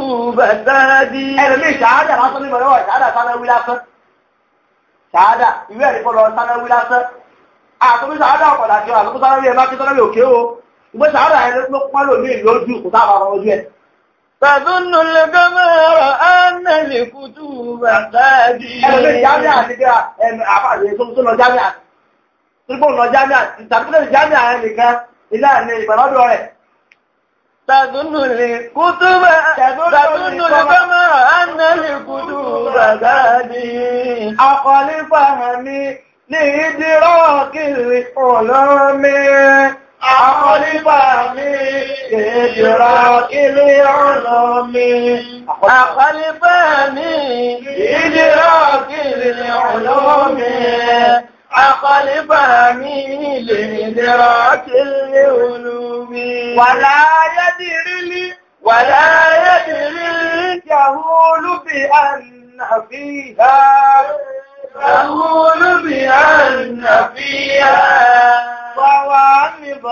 fẹ̀sẹ́dí. ẹ̀rọ mi ṣàádà lásán ní ìmọ̀lẹ́wọ̀ ṣàádà sánáwí lásán. ṣàádà ìwé ẹ̀rí kọ́ lọ sánáwí lásán. àtúntò ṣàádà ọ̀pọ̀lá kí wà lókùn sánáwí ẹ̀ má kí sánáwí òkè o. ìgbé ṣàádà ẹ̀ ló pọ́n lò ní ìlú ojú kò sáà fara ojú ẹ̀. tàdúnnù lè gọ́mọ̀rọ̀ ánàlì kùtù fẹ̀sẹ́dí. ẹ̀rọ mi ṣàádà àti kí wà àfàlẹ́ تظن الكتب تظن القمر أن الكتب هذه أقل فهمي لإدراك العلوم أقل فهمي لإدراك العلوم أقل فهمي لإدراك العلوم عقل فهمي لإدراك العلوم ولا يدري ولا يدري الجهول بأن فيها يهول بأن فيها ضوامض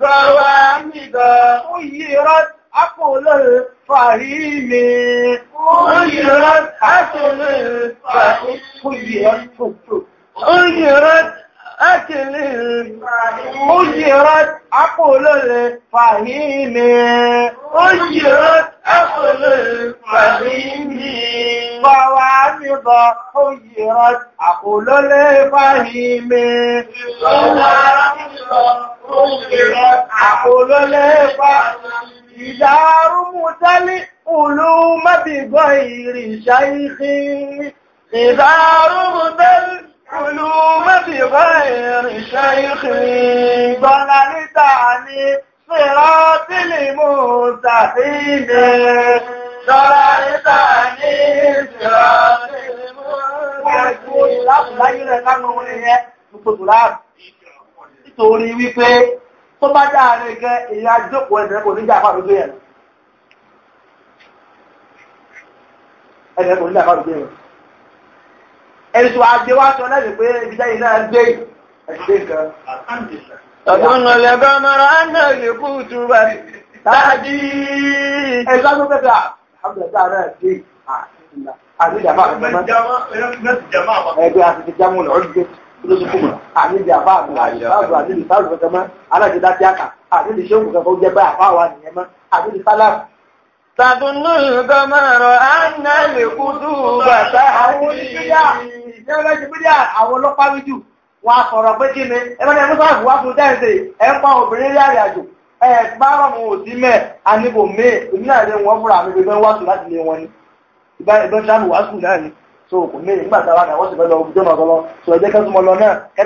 ضوامض غيرت عقل الفهيم غيرت عقل الفهيم غيرت أجرت أكل أجرت عقل الفهيم أجرت عقل الفهيم فوامض أجرت عقل الفهيم فوامض أجرت عقل الفهيم جدار متلئ ألوم بغير شيخ جدار متلئ علوم بغير شيخ ضللت عني صراط المستقيم ضللت عني صراط Nítorí wípé tó bá dáre gan ìyá jókòó ẹ̀dẹ̀ kò ní jàpá lójú ẹ̀rọ. Ẹ̀dẹ̀ kò ní jàpá lójú ẹ̀rọ. ẹ̀sùn àgbéwátọ́ lẹ́bí pé ibi náà gbé ẹ̀sùn kan. ọ̀tún ọ̀lẹ́gbọ́n mọ́ra ánà lè kú túbà tàbí náà gbé àmìjàmá ẹgbẹ́ àti jamu lọ rí lóṣùkúmọ̀ àmìjàmá àgbàlagbà àmìjàmá alájẹdá tíákà تظن القمر أن القدوب تهوي ìjẹ́rẹ́ ṣe bídí àwọn ọlọ́pàá wíjú wọn a sọ̀rọ̀ pé kí ni ẹgbẹ́ ẹgbẹ́ sọ́ọ̀fù wá fún tẹ́ǹsì ẹ̀ ń pa obìnrin rí àrìn àjò ẹ̀ gbárọ̀ mu ò sí mẹ́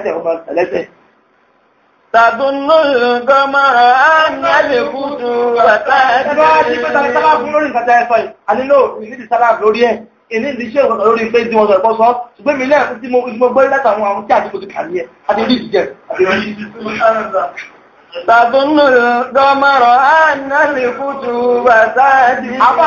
àníbò mẹ́ èmi tàdúnnú nǹkan mọ́ra á ní àlékútù bàtà ẹ̀sìn. ẹ̀rọ àti pé tàbí sábà fún lórí nǹkan tẹ́ ẹ sọ ní ẹ̀ àti orí gọmọ̀rọ̀ ánàlì kùtù bàtàdì. Àbá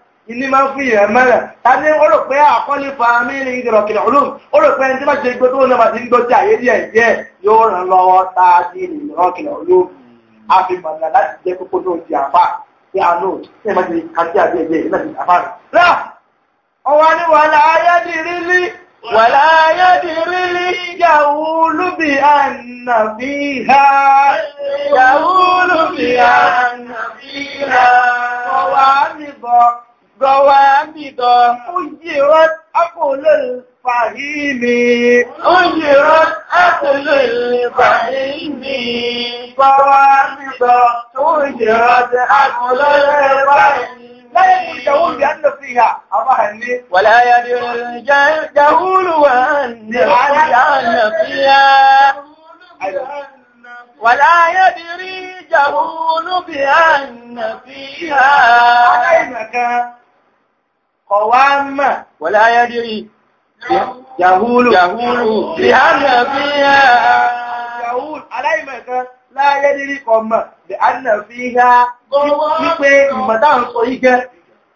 ilé máa ń fún ìyẹn mẹ́rẹ̀ ta ní ó rò pé àkọ́lé fàámi ní ìdìrọ̀kìlẹ̀ olóhùn ó rò pé ẹni tí bá ṣe gbé tó ń lọ́ba sí ń gbọ́jà ayé díẹ̀ díẹ̀ yóò ràn lọ́wọ́ tá a di ìdìrọ̀kìlẹ̀ olóhùn a fi mọ̀nà láti jẹ́ kókó tó di àfà pé a nù tí ẹ má bọ̀. ضوابط أجرت أقل الفهيم أجرت أقل الفهيم ضوابط أجرت أقل الفهيم لا يجهول بأن فيها أرهني ولا يدر الجهول وأن بأن فيها ولا يدري جهول بأن فيها ọwá mọ̀ wọlé ayẹ́dìrí yahulu ìhànà fi hà yahulu aláìmọ̀kan láyẹ́dìrí ọmọ ìhànà fi hà wípé ìmọ̀tá ń sọ yí gẹ́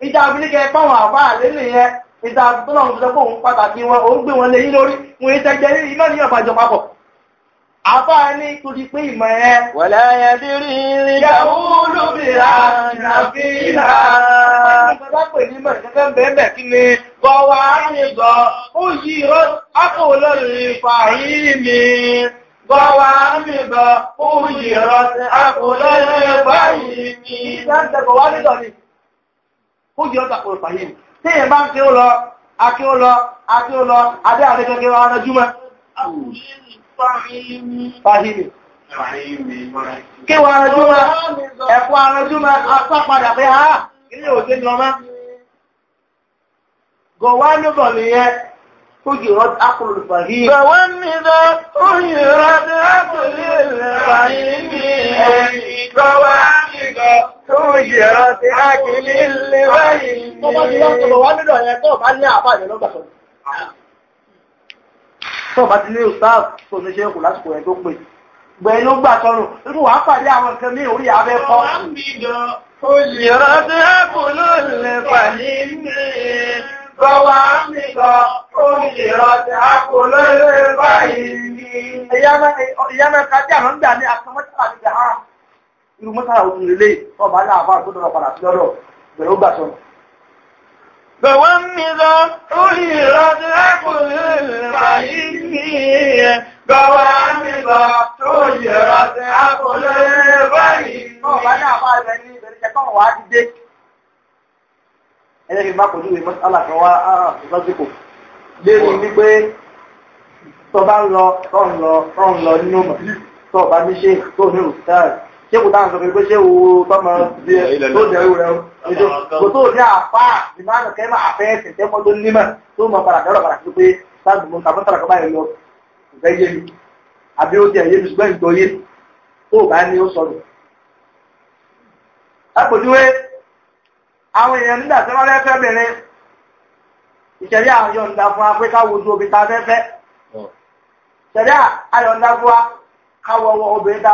ìjà abúlíkẹ́ pọ́wọ̀n àbá àlélè yẹn ìjà tó náà ń sọ pé òun pàtàkì wọn òun gbé wọn lé yín lórí wọn ìṣẹ́jẹ́ nínú ìmọ̀ ní ọ̀bàjọ́ papọ̀ Àbá ní torí pé ìmọ̀ ẹ. Wọ̀lá yẹn ti rí rí. Yàwó lóbìnrin àfihà. Bàbá pè ní mọ̀ ìṣẹ́fẹ́ bẹ́ẹ̀bẹ̀ kí ni. Bọ̀wá àyìnbọ̀ ó yí ó ápò lórí fàáyí mi. Bọ̀wá àyìnbọ̀ ó yí ó ápò lórí fàáyí mi. Ìjọba ń tẹ̀kọ̀ wá ni. Ó yí ó tàpọ̀ fàáyí mi. Téèyàn bá ń kí ó lọ, akí ó lọ, akí ó lọ, adé àdékẹ́kẹ́ wa Fáhìmì. Kí wọ arajúmọ́, ẹ̀kọ́ arajúmọ́, apá padà pé ha, ilé òjé ni ọmọ. Gọ̀wá níbọ̀ nìyẹn, kújì rọ́ ákùlù fàhìmì. Gọ̀wá níbọ̀, kújì rọ́ ákùlù fàhìmì. Gọ̀wá níbọ̀, kújì rọ́ ákùlù fàhìmì. Tọ́bá ti lọ́tọ̀ tó bá ti ní ustaz tó ní ṣe kù lásìkò ẹ̀ tó pè gbẹ̀ ló gbà tọrùn irú wàá pàdé àwọn nǹkan ní orí abẹ́ kọ́. ìrántí ẹ̀kúnlò lè pàdé mi gọ́wà mi lọ ìrántí ẹ̀kúnlò lè pàdé mi. ìyá náà kájí àwọn ń gbà ní akọmọ́tà àti ìgbà irú mọ́tà òtún lélẹ́yìn ọba aláàbá àgbọ̀dọ̀ padà sí lọ́dọ̀ gbẹ̀ ló gbà tọrùn. فومذا حررت لكل الفهيمية فومذا حررت لكل الفهيمية Ẹjẹ́ kí n bá pọ̀jú ìmọ̀ alákan wá ààrùn lọ́síkò. Lérí wípé tọba ń lọ, tọ́ ń lọ, tọ́ ń lọ nínú mọ̀, tọ́ bá ní ṣe ṣéwù dáhùn sọ pé ṣéwù tọ́mọ tó dẹ̀rù rẹ̀ ojú kò tó ní àpá ìmáàmù kẹ́mà àfẹ́ẹ̀sì tẹ́mọ́ tó nímọ̀ tó mọ̀ padà dọ́rọ̀ padà sí pé sáàdù mọ́ tàbí tàbí báyìí lọ ìfẹ́ yé mi àbí ó ti ẹ̀yé mi ṣùgbọ́n ìtò yé tó bá ní ó sọnù. lápòjúwé àwọn èèyàn nígbà tí wọ́n fẹ́ fẹ́ bìnrin ìṣẹ̀rí àyọ̀ǹda fún afẹ́ká wojú obì ta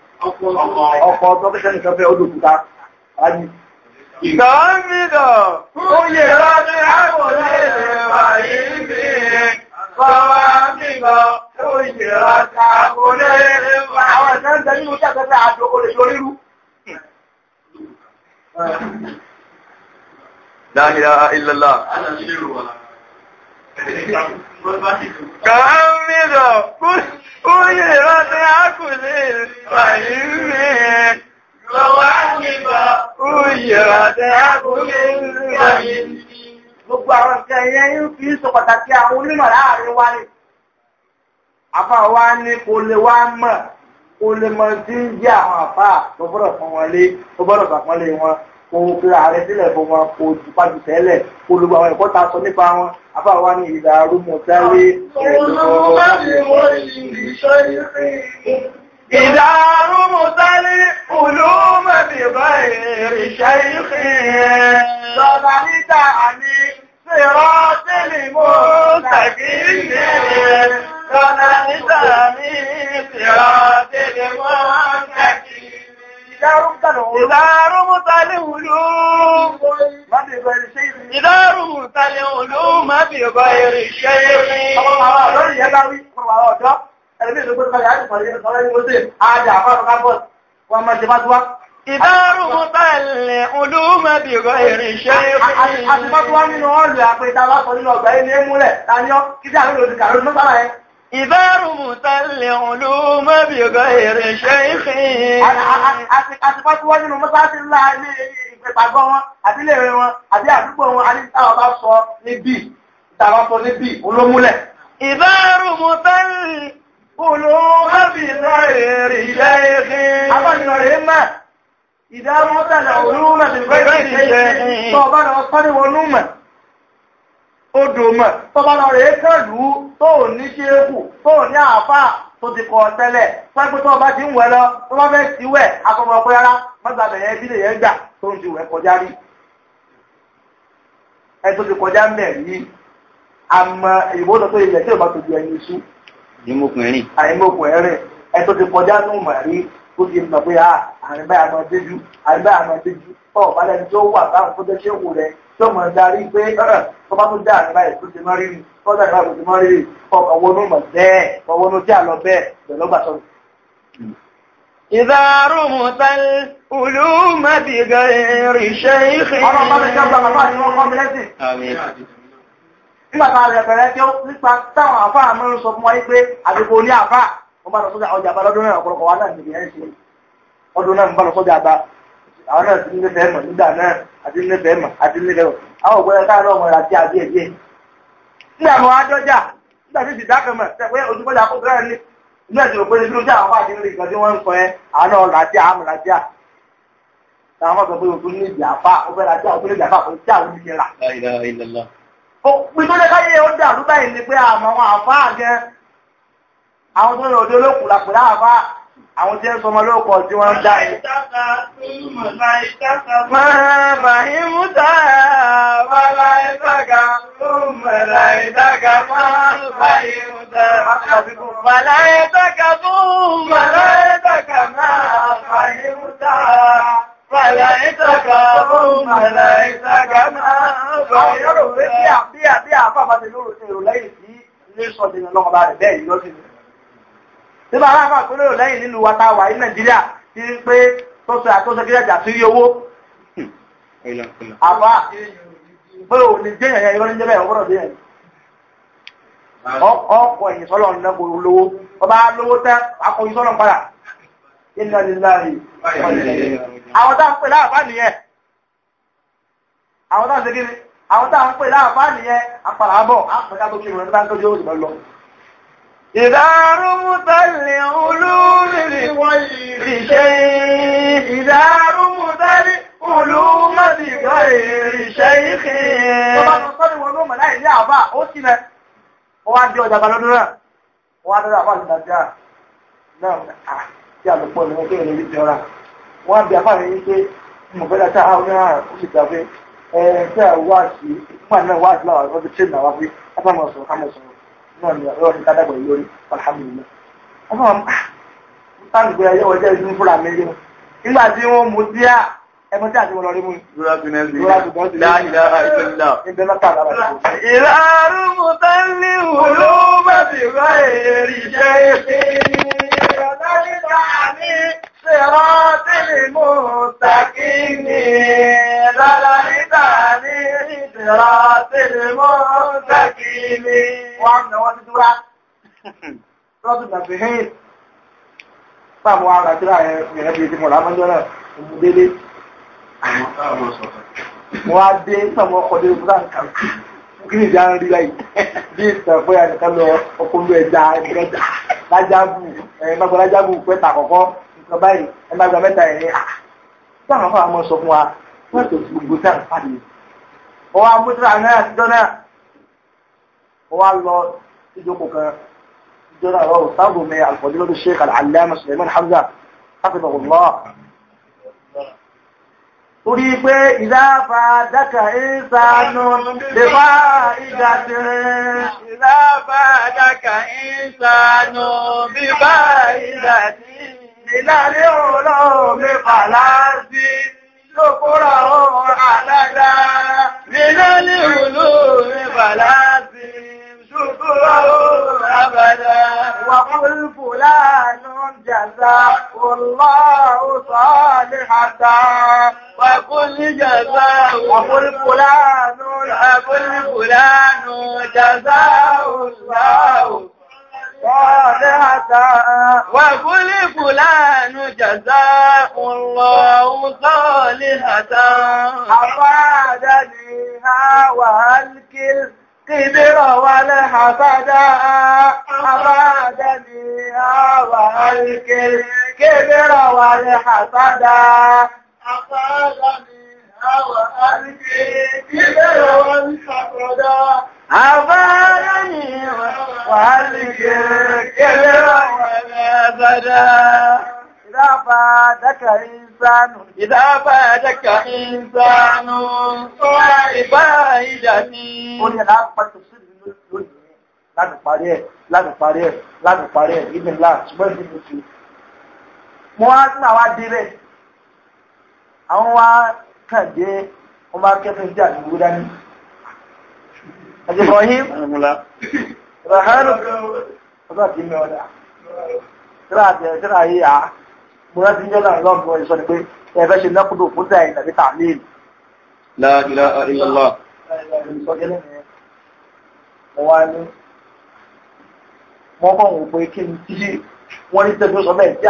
ọkọ̀ ọjọ́ tẹ́kẹ́ nìkan fẹ́ odò òkúta ráyí. ìgbàmìnà ó yẹ láti àwọ̀lẹ́ ìrìnàyí bí bọ́wá nígbà ó yẹ láti àwọ̀lẹ́ ìrìnàyí. àwọn ìṣẹ́ ń tẹ́ nínú iṣẹ́ àtẹ́fẹ́ àjò olè lórí rú. La ilaha illallah. Kàámìdọ̀ kú yìí rántí ákùnlé ìfàyíwé. Lọ́wọ́ àgbìbọ̀ kú yìí rántí ákùnlé ìfàyíwé. Gbogbo àwọn nǹkan ẹ̀yẹ yóò fi sọ pàtàkì àwọn onímọ̀ láàrin wa ni. Àfà wa ní kò lè wá mọ̀, kò lè mọ̀ tí ń jẹ́ àwọn àfà tó bọ́dọ̀ fún wọn lé, tó bọ́dọ̀ fàpọ́nlé wọn ohun pé ààrẹ sílẹ̀ fún wọn kò jùpájù tẹ́lẹ̀ kó ló àwọn ẹ̀kọ́ ta sọ nípa wọn afáwa ní ìdá arúgbó sáré ìdá arúgbó sáré olóòmọ̀bì báyìí ṣẹ́yìnkì lọ́la níta àní ṣèrọ́ tẹ́lẹ̀ mọ́ tàbí ìyẹn lọ́la níta àní ṣèrọ́ tẹ́lẹ̀ mọ́ tàbí ìdárùmù tàlẹ̀ olóòm ìdárùmù tàlẹ̀ olóòm má bí ọba ẹ̀rìn ṣẹ́ ẹ̀rìn ọmọ àwọn ọ̀dọ́ ìyẹ́ bá wí ọmọ àwọn ọ̀dọ́ ẹ̀rìn ìlú gbọ́dọ̀ yàrá ìpàdé ọ̀rẹ́ ìwọ́sẹ̀ àjà àpapọ̀ kápọ̀ wọn máa jẹ bá tó wá Ìdárùn-ún tẹ́lẹ̀ olúmọ̀ bí rọ ìrìn ṣe é fún ìrìn. Ìbẹ́rù mùtẹ́lẹ̀ olóòmọ́ bí ọgọ́ èrè ṣe ìfẹ́. Àtìpá tí wọ́n nínú mọ́sáàtì ńlá ilé ìpẹ̀pàgọ́ wọn, àbí ilé wọn, àbí àdúgbò wọn, a ní táwọn bá sọ níbí, táwọn sọ níbí, olómúlẹ̀. Ìbẹ́rù mùtẹ́lẹ̀ olóòmọ́ bí ọgọ́ èrè ṣe ìfẹ́. Abọ́nìyàn rẹ̀ mẹ́, ìdá mọ́tẹ̀lẹ̀ olóòmọ́ bí ọgọ́ èrè ṣe ìfẹ́. Tọ́ odò mọ̀ tọba lọ rẹ̀ kẹ́lú tó ò ní ṣéèkù tó ní àáfà tó ti kọ̀ tẹ́lẹ̀ pẹ́pẹ́ bá ti ń lọ tó bá fẹ́ ẹ tó ti kọjá rí àmọ́ tó tó ilẹ̀ tí ò bá tó di ẹni ẹ tó ti kọjá nù mọ̀ rí kó lè mọ̀ pé ah, àrùn báyà máa déjú àrùn báyà máa déjú ọ̀ balẹ̀ tó wà báwọn tó tẹ́ṣẹ́ wò rẹ̀ tó mọ̀ darí pé tó bá tó dá àrùn báyà tó ti mọ́ rírì tó dá àrùn báyà tó ti mọ́ rírì ọkọ̀ wọnú mọ̀ bẹ́ẹ̀ ọwọ́nú tí a lọ bẹ́ẹ̀ pẹ̀lú ọgbà sọ́nù. إذا رمت العلوم بغير شيخ Nígbàtà rẹ̀ bẹ̀rẹ̀ tí ó nípa táwọn àfáà mẹ́rin sọ fún Ọ bá lọ sọ́jà ọjà bá lọ́dún náà ọ̀pọ̀lọpọ̀ wa náà nìyẹn ṣe ọdún náà ń bá lọ sọ́jà bá àwọn náà ti ní fẹ́ mọ̀ nígbà náà àti ní fẹ́ mọ̀ àti ní fẹ́ mọ̀ àwọn náà mọ̀ àbí adọ́jà nígbà tí mọ̀ pé ojúbọ́jà kó bẹ́ẹ̀ ni nígbà tí tí wọ́n ń kọ ẹ́ àánú àwọn tó yọ̀ ọdẹ olókùn làpẹ̀ láàfá àwọn tí ẹ sọmọ lóòpọ̀ tí wọ́n ń dá ẹ. máa bàyí mú táà bàbá ìtàkà mọ̀lá ìtàkà máa bàyí mú táà bàbá ìtàkà mọ̀lá ìtàkà máa bàyí mú táà. Fàlàíṣàkà fún màlàíṣàkà máa ń bá yọ́rò rẹ̀ bí àbí àbí àfàbàtẹ̀ lóòrò sí ìrò lẹ́yìn sí ilé sọ́dínà lọ́kọ̀bá rẹ̀ bẹ́ẹ̀ ìlọ́sìn nígbà aláàbà àpérò lẹ́yìn nílùú wa ta wà ní nàìjíríà ti ń pé tó sọ àtúnṣe kí ẹjà sí rí owó àbá pé ò ní jẹ́ ìyẹn ìrọ́ níjẹ́ bẹ́ẹ̀ ọgbọ́dọ̀ bẹ́ẹ̀ ọkọ̀ ẹ̀yìn sọ́lọ̀ ní kò lówó ọba lówó tẹ́ akọ̀yìn sọ́lọ̀ padà nínú ìlànà àwọn tá à ń pè láàbá nìyẹn àwọn tá à ń segin àwọn tá à ń pè láàbá nìyẹn apàlà àbọ̀ àpẹká tó kí ìrìn tó bá ń wá dé ọjà balọ́dún náà wọ́n á dọ́dọ̀ àfáàlì tàbí à náà tí a lò pọ̀ ní ẹgbẹ́ ìrìn ìjọ ra wọ́n á bí àfáàlì yìí pé mo fẹ́ dáta àwọn onírà ó sì gbà pé ẹ tí a wá sí nígbà náà wá sí láwọn ọdún tí náà wá pé afẹ́ mọ̀ sọ̀rọ̀ kámọ̀ sọ̀rọ̀ náà ni ọ̀rọ̀ ti dáadáa gbọ̀yìn lórí alhamdulillah afẹ́ mọ̀ táàmì pé ayé ọjọ́ ìdúró fúnra mi rí nígbà tí wọ́n mú díà ẹmọ tí àti wọn lọ rí mú ìrora fi nẹ́lì láìlá ìtọ́lá ìlàrú mùtẹ́lì wùlú mẹ́bí rẹ̀ èrì jẹ́ ìfẹ́ ìrọ̀lọ́lẹ́gbà ní ṣèrọ́tìlì mú rọ́dùn nàbí hẹ́ẹ̀ pàmò àràtìrà ẹ̀rẹ́ bí i ti mọ̀ lámọ́jọ́ náà délé mo wá dé sọmọ ọkọ̀ dé fúlà nǹkan kí ni ìjà ń rí láì bí ìsàn fún ẹ̀yà nìkan lọ ọkọ̀ olú ẹja ìrẹ́jà lájábù ẹ̀yìn bá gba lájábù pẹ́ta àkọ́kọ́ nǹkan báyìí ẹ̀ bá gba mẹ́ta ẹ̀yìn à sáwọn afọ àmọ́ sọ fún wa wọ́n tó ti gbogbo sáà pàdé ọwọ́ amúdúrà náà ti dọ́nà ọwọ́ lọ ìjókòó kan ìjọba ọ̀rọ̀ sáàbù mi àlùfọ̀dé lọ́dún Sheikh Al-Allama Sulaiman Hamza hafidhahullah orí pé ìdáfà dákà ìsànú lè bá ìdàtí ìdáfà dákà ìsànú bí bá ìdàtí ìlàlẹ́ olóò mẹ́fà láti lókúrọ̀ ohun àdáda ìlàlẹ́ olóò mẹ́fà láti lókúrọ̀ ohun àbàdà وقل فلان وقل أبو الفلان أبو الفلان جزاء الله صالحة وأبو الفلان جزاء الله صالحة أفادنيها وهل كل الكبر والحسد أفادنيها وهل كل والحسد عفارني وحلق الكبر والأبدا إذا فاتك إنسان إذا فاتك إنسان فائدة قل لا تصل láti parí ẹ̀ láti parí ẹ̀ láti parí ẹ̀ ìdìnlá ṣùgbọ́n ìdìnlá ṣe. mo wá sí àwa dé bẹ́ẹ̀ àwọn wá kàn dé wọ́n bá kẹ́fẹ́ sí àdúgbò dání àjẹ́fọ́ yìí ràhánù ọ̀dọ́ àti ìmẹ̀ ọ̀dà tíra àti ẹ̀tíra yìí à mo rántí jẹ́ náà lọ́gbọ̀n ìsọ ni La ilaha illallah mo wá ní mo bọ̀ wọ́n pé kí n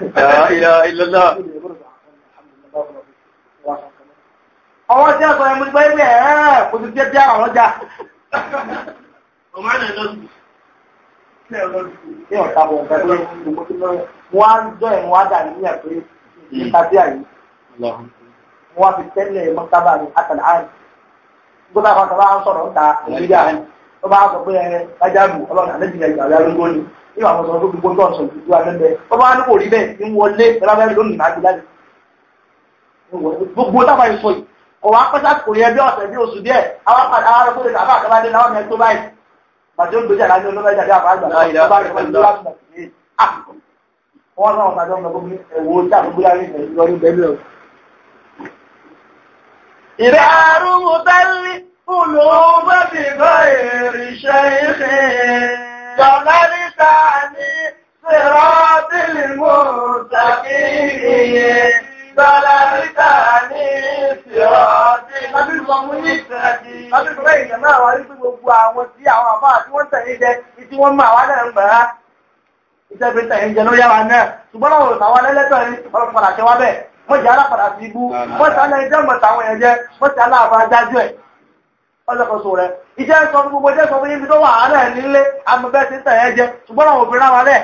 لا إله إلا الله àwọn tí a sọ ẹmú nípa ẹgbẹ́ ẹ̀ẹ́ kò ti jẹ́ bí àwọn ọjà ọmọ ẹ̀nà ìlọ́dún ní ọ̀tá wọn gbẹ̀rẹ̀ wọ́n á jọ ẹ̀mú ádà ní ẹ̀pẹ́ hmm. ìtàbí àyè wọ́n fi tẹ́lẹ̀ mọ́tábà ní àtàlá àyè gbọ́dá àwọn àtàlá ń sọ̀rọ̀ ń ta ìgbéga ọba sọ pé ẹ ajáàbù ọlọ́run àlejò ẹ̀yà àyà ló ń gbóni nígbà wọn sọ pé gbogbo tó ń sọ ìdúró abẹ́bẹ́ ọba wọn ní kò rí bẹ́ẹ̀ ń wọlé ẹlábẹ́rẹ́ lónìí náà ti lálẹ́ gbogbo táwa ìsọ yìí kò wá pẹ́ sáà kò yẹ bí ọ̀sẹ̀ bí oṣù díẹ̀ àwọn ará kó lè tàbá àkàbádé láwọn ẹ̀ tó báyìí bàtí ó ń gbèjà láti ọlọ́mọ ìjàdé àbájá ọba rẹ̀ pẹ̀lú láti mọ̀ sí àrùn mo قلوب بغير شيخ ضللتني صراط المرتقين ضللتني صراط المرتقين Ọdún ìgbẹ́ ìjọba àwọn arígbé gbogbo àwọn tí àwọn àbá àti wọ́n tẹ̀lé jẹ ìtí máa wá náà ń bẹ̀ á. Ìṣẹ́gbé tẹ̀lé ló yára náà. Ṣùgbọ́n àwọn òṣàwọn ẹlẹ́tọ̀ ní ọlọ́pàá àti wá bẹ̀. Mọ́jà alápàdà sí ibú. Mọ́jà alẹ́ ìjọ́ mọ̀ta àwọn ẹ̀jẹ̀. Mọ́jà aláàbá dájú ẹ̀ ọlọ́kọ̀ọ́sọ rẹ̀ ìjẹ́ sọ fún gbogbo jẹ́ sọ fún yín bí tó wà àárẹ̀ nílé amọ̀bẹ́ ti ń tẹ̀ ẹ́ jẹ ṣùgbọ́n àwọn obìnrin àwọn rẹ̀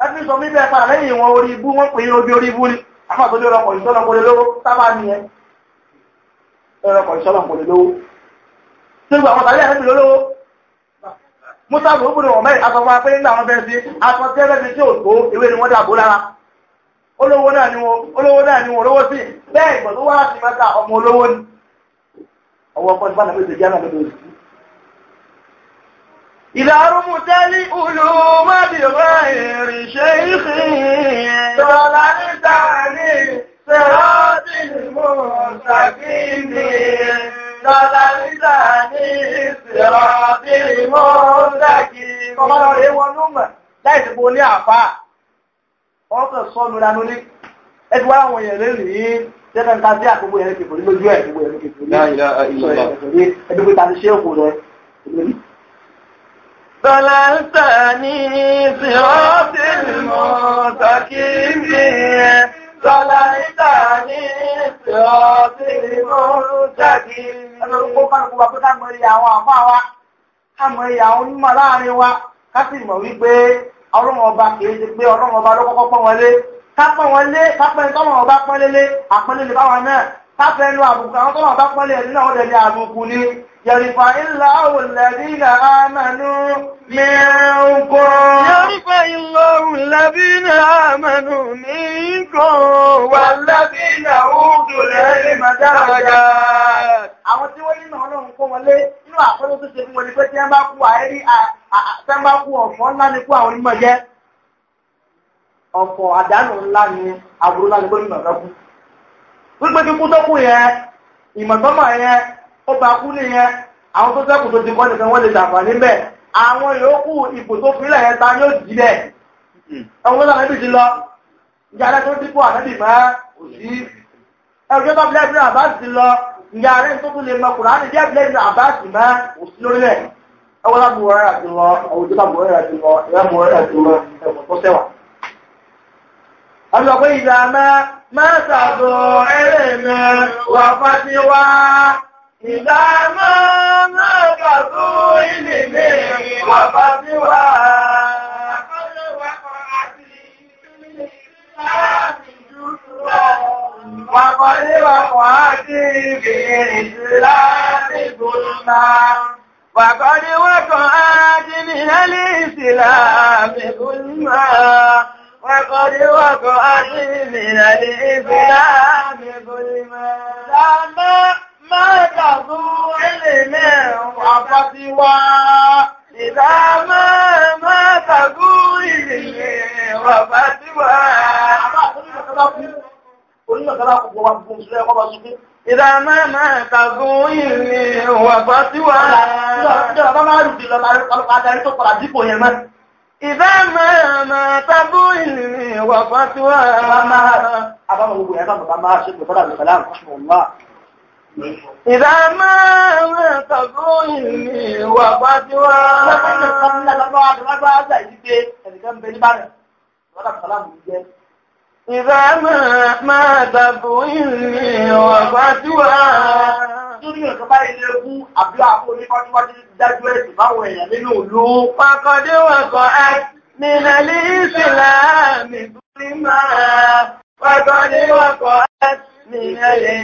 láti sọ mí bẹ́ẹ̀ padà lẹ́yìn wọn orí ibú wọ́n pè é ojú orí ibú ni àmọ́ àtọ́jú ọlọ́kọ̀ ìṣọ́lọ́kọ̀ọ́lẹ́ lówó sábà nìyẹn ọlọ́kọ̀ ìṣọ́lọ́kọ̀ọ́lẹ́ lówó tí gbogbo àwọn tàbí àrẹ́bì lólówó mútàbí ó gbúdò wọ̀n mẹ́rin asọ́fà pé nígbà wọn bẹ́ẹ̀ sí aṣọ tí ẹgbẹ́ ti tí ò tó ìwé ni wọ́n dàbò lára olówó náà ni wọn olówó náà ni wọn olówó sí bẹ́ẹ̀ ìgbọ̀ tó wá láti mẹ́ta ọmọ olówó ni ọwọ́ kọ́ nípa nàbẹ́sẹ̀ jẹ́ àmàlẹ́ lórí. ìlà arúgbó tẹ́lẹ̀ olú mẹ́bìrá ìrìnṣẹ́ ìfẹ́ tọ́lá níta ní sẹ́rọ́ọ̀tì mọ́tàkìndì tọ́lá níta ní sẹ́rọ́ọ̀tì mọ́tàkìndì. ọmọ náà rẹ̀ wọnú mọ̀ láìsí pé o ní àfà ọkọ̀ sọnù lánàá ní ẹgbẹ́ àwọn èèyàn lè rìn sẹ́fẹ̀ ta sí àkókò yẹn kìfò ní lójú ẹ̀ gbogbo yẹn kìfò ní ẹ̀dùnkú ta sí ṣé òkú rẹ̀. Sọláńtà ní ìfìhọ́sí mọ̀ tọ́kí mi ẹ̀. Sọláńtà ní ìfìhọ́sí mọ̀ tọ́kí mi. Ẹnu kó bá gbogbo àpótá mọ̀ iye àwọn àmọ́ wa, ká mọ̀ iye àwọn onímọ̀ láàrin wa, ká sì mọ̀ wípé ọlọ́run ọba kìí ṣe pé ọlọ́run ọba ló kọ́kọ́ pọ́n kápẹ́ wọn lé kápẹ́ tọ́lọ̀ ọba pọ́nlé lé àpọ́nlé lè báwọn náà kápẹ́ ẹnu àbùkù àwọn tọ́lọ̀ ọba pọ́nlé ẹ̀dínlá ó dẹ̀ ní àbùkù ni yẹ̀rìfà ìlà òlẹ̀bí nà ámànú mìírànkọ́. yẹ̀rìfà ìlà òlẹ̀bí nà ámànú mìírànkọ́ wà lẹ́bí nà òdùlẹ̀ ọ̀pọ̀ àdánù ńlá ni agbụrụ láti gbé nínú ọ̀rẹ́kú wípé kíkú tó kú yẹn ìmọ̀tọ́mọ̀ yẹn ó bá kú yẹn àwọn tó sẹ́kù tó ti kọ́ nìkan wọ́n lè àwọn yòókù ipò tó fi lẹ́yìn ta yóò lọ tó mọ́ tó àbá lọ tó tún lè mọ kùránì àbá ti mọ́ lórílẹ̀ Ọlọ́pẹ́ ìdàmá máa sàbò ẹlẹ́mẹ́ wà fásí wá. Ìdàmá máa sàbò ìlèmẹ́ wà fásí wá. Wàkọ̀lé wàkọ̀ áti ìbìrì láti gbòlùmá. Wàkọ̀lé wàkọ̀ áti ìbìrì láti gbòlùmá. وقد وقع من الإسلام ظلما لما مات ذو علم وفتوى إذا ما مات ذو علم وفتوى Ìdá máa máa tàgún ìrìn wà bá síwá. Ìdá máa máa rùdì lọ láàrín kọlọpàá darí tó pàdà dípò yẹn mẹ́rin ìdá máa máa tábú ìlú ìwà fatuwa. àbámọ̀ gbogbo ẹ̀ bá bàbá máa ṣe pẹ̀lú fọ́dà lọ́sọ̀lá àkọsùnmọ̀lá. ìdá máa máa tábú ìlú ìwà fatuwa. lọ́sọ̀lá ìlú lọ́wọ́ àdúrà àgbà ìdíje ẹ̀nìkan bẹ níbàrẹ̀ fọ́dà lọ́sọ̀lá torí ọ̀kan báyìí lé fún àbúrò àbúrò onífọ́júwájú dájú ẹ̀sìn báwọn èèyàn nínú ìlú. pàkọ́dé wọn kọ ẹ nìhàlí ìsìlámì búrí máa pàkọ́dé wọn kọ ẹ nìhàlí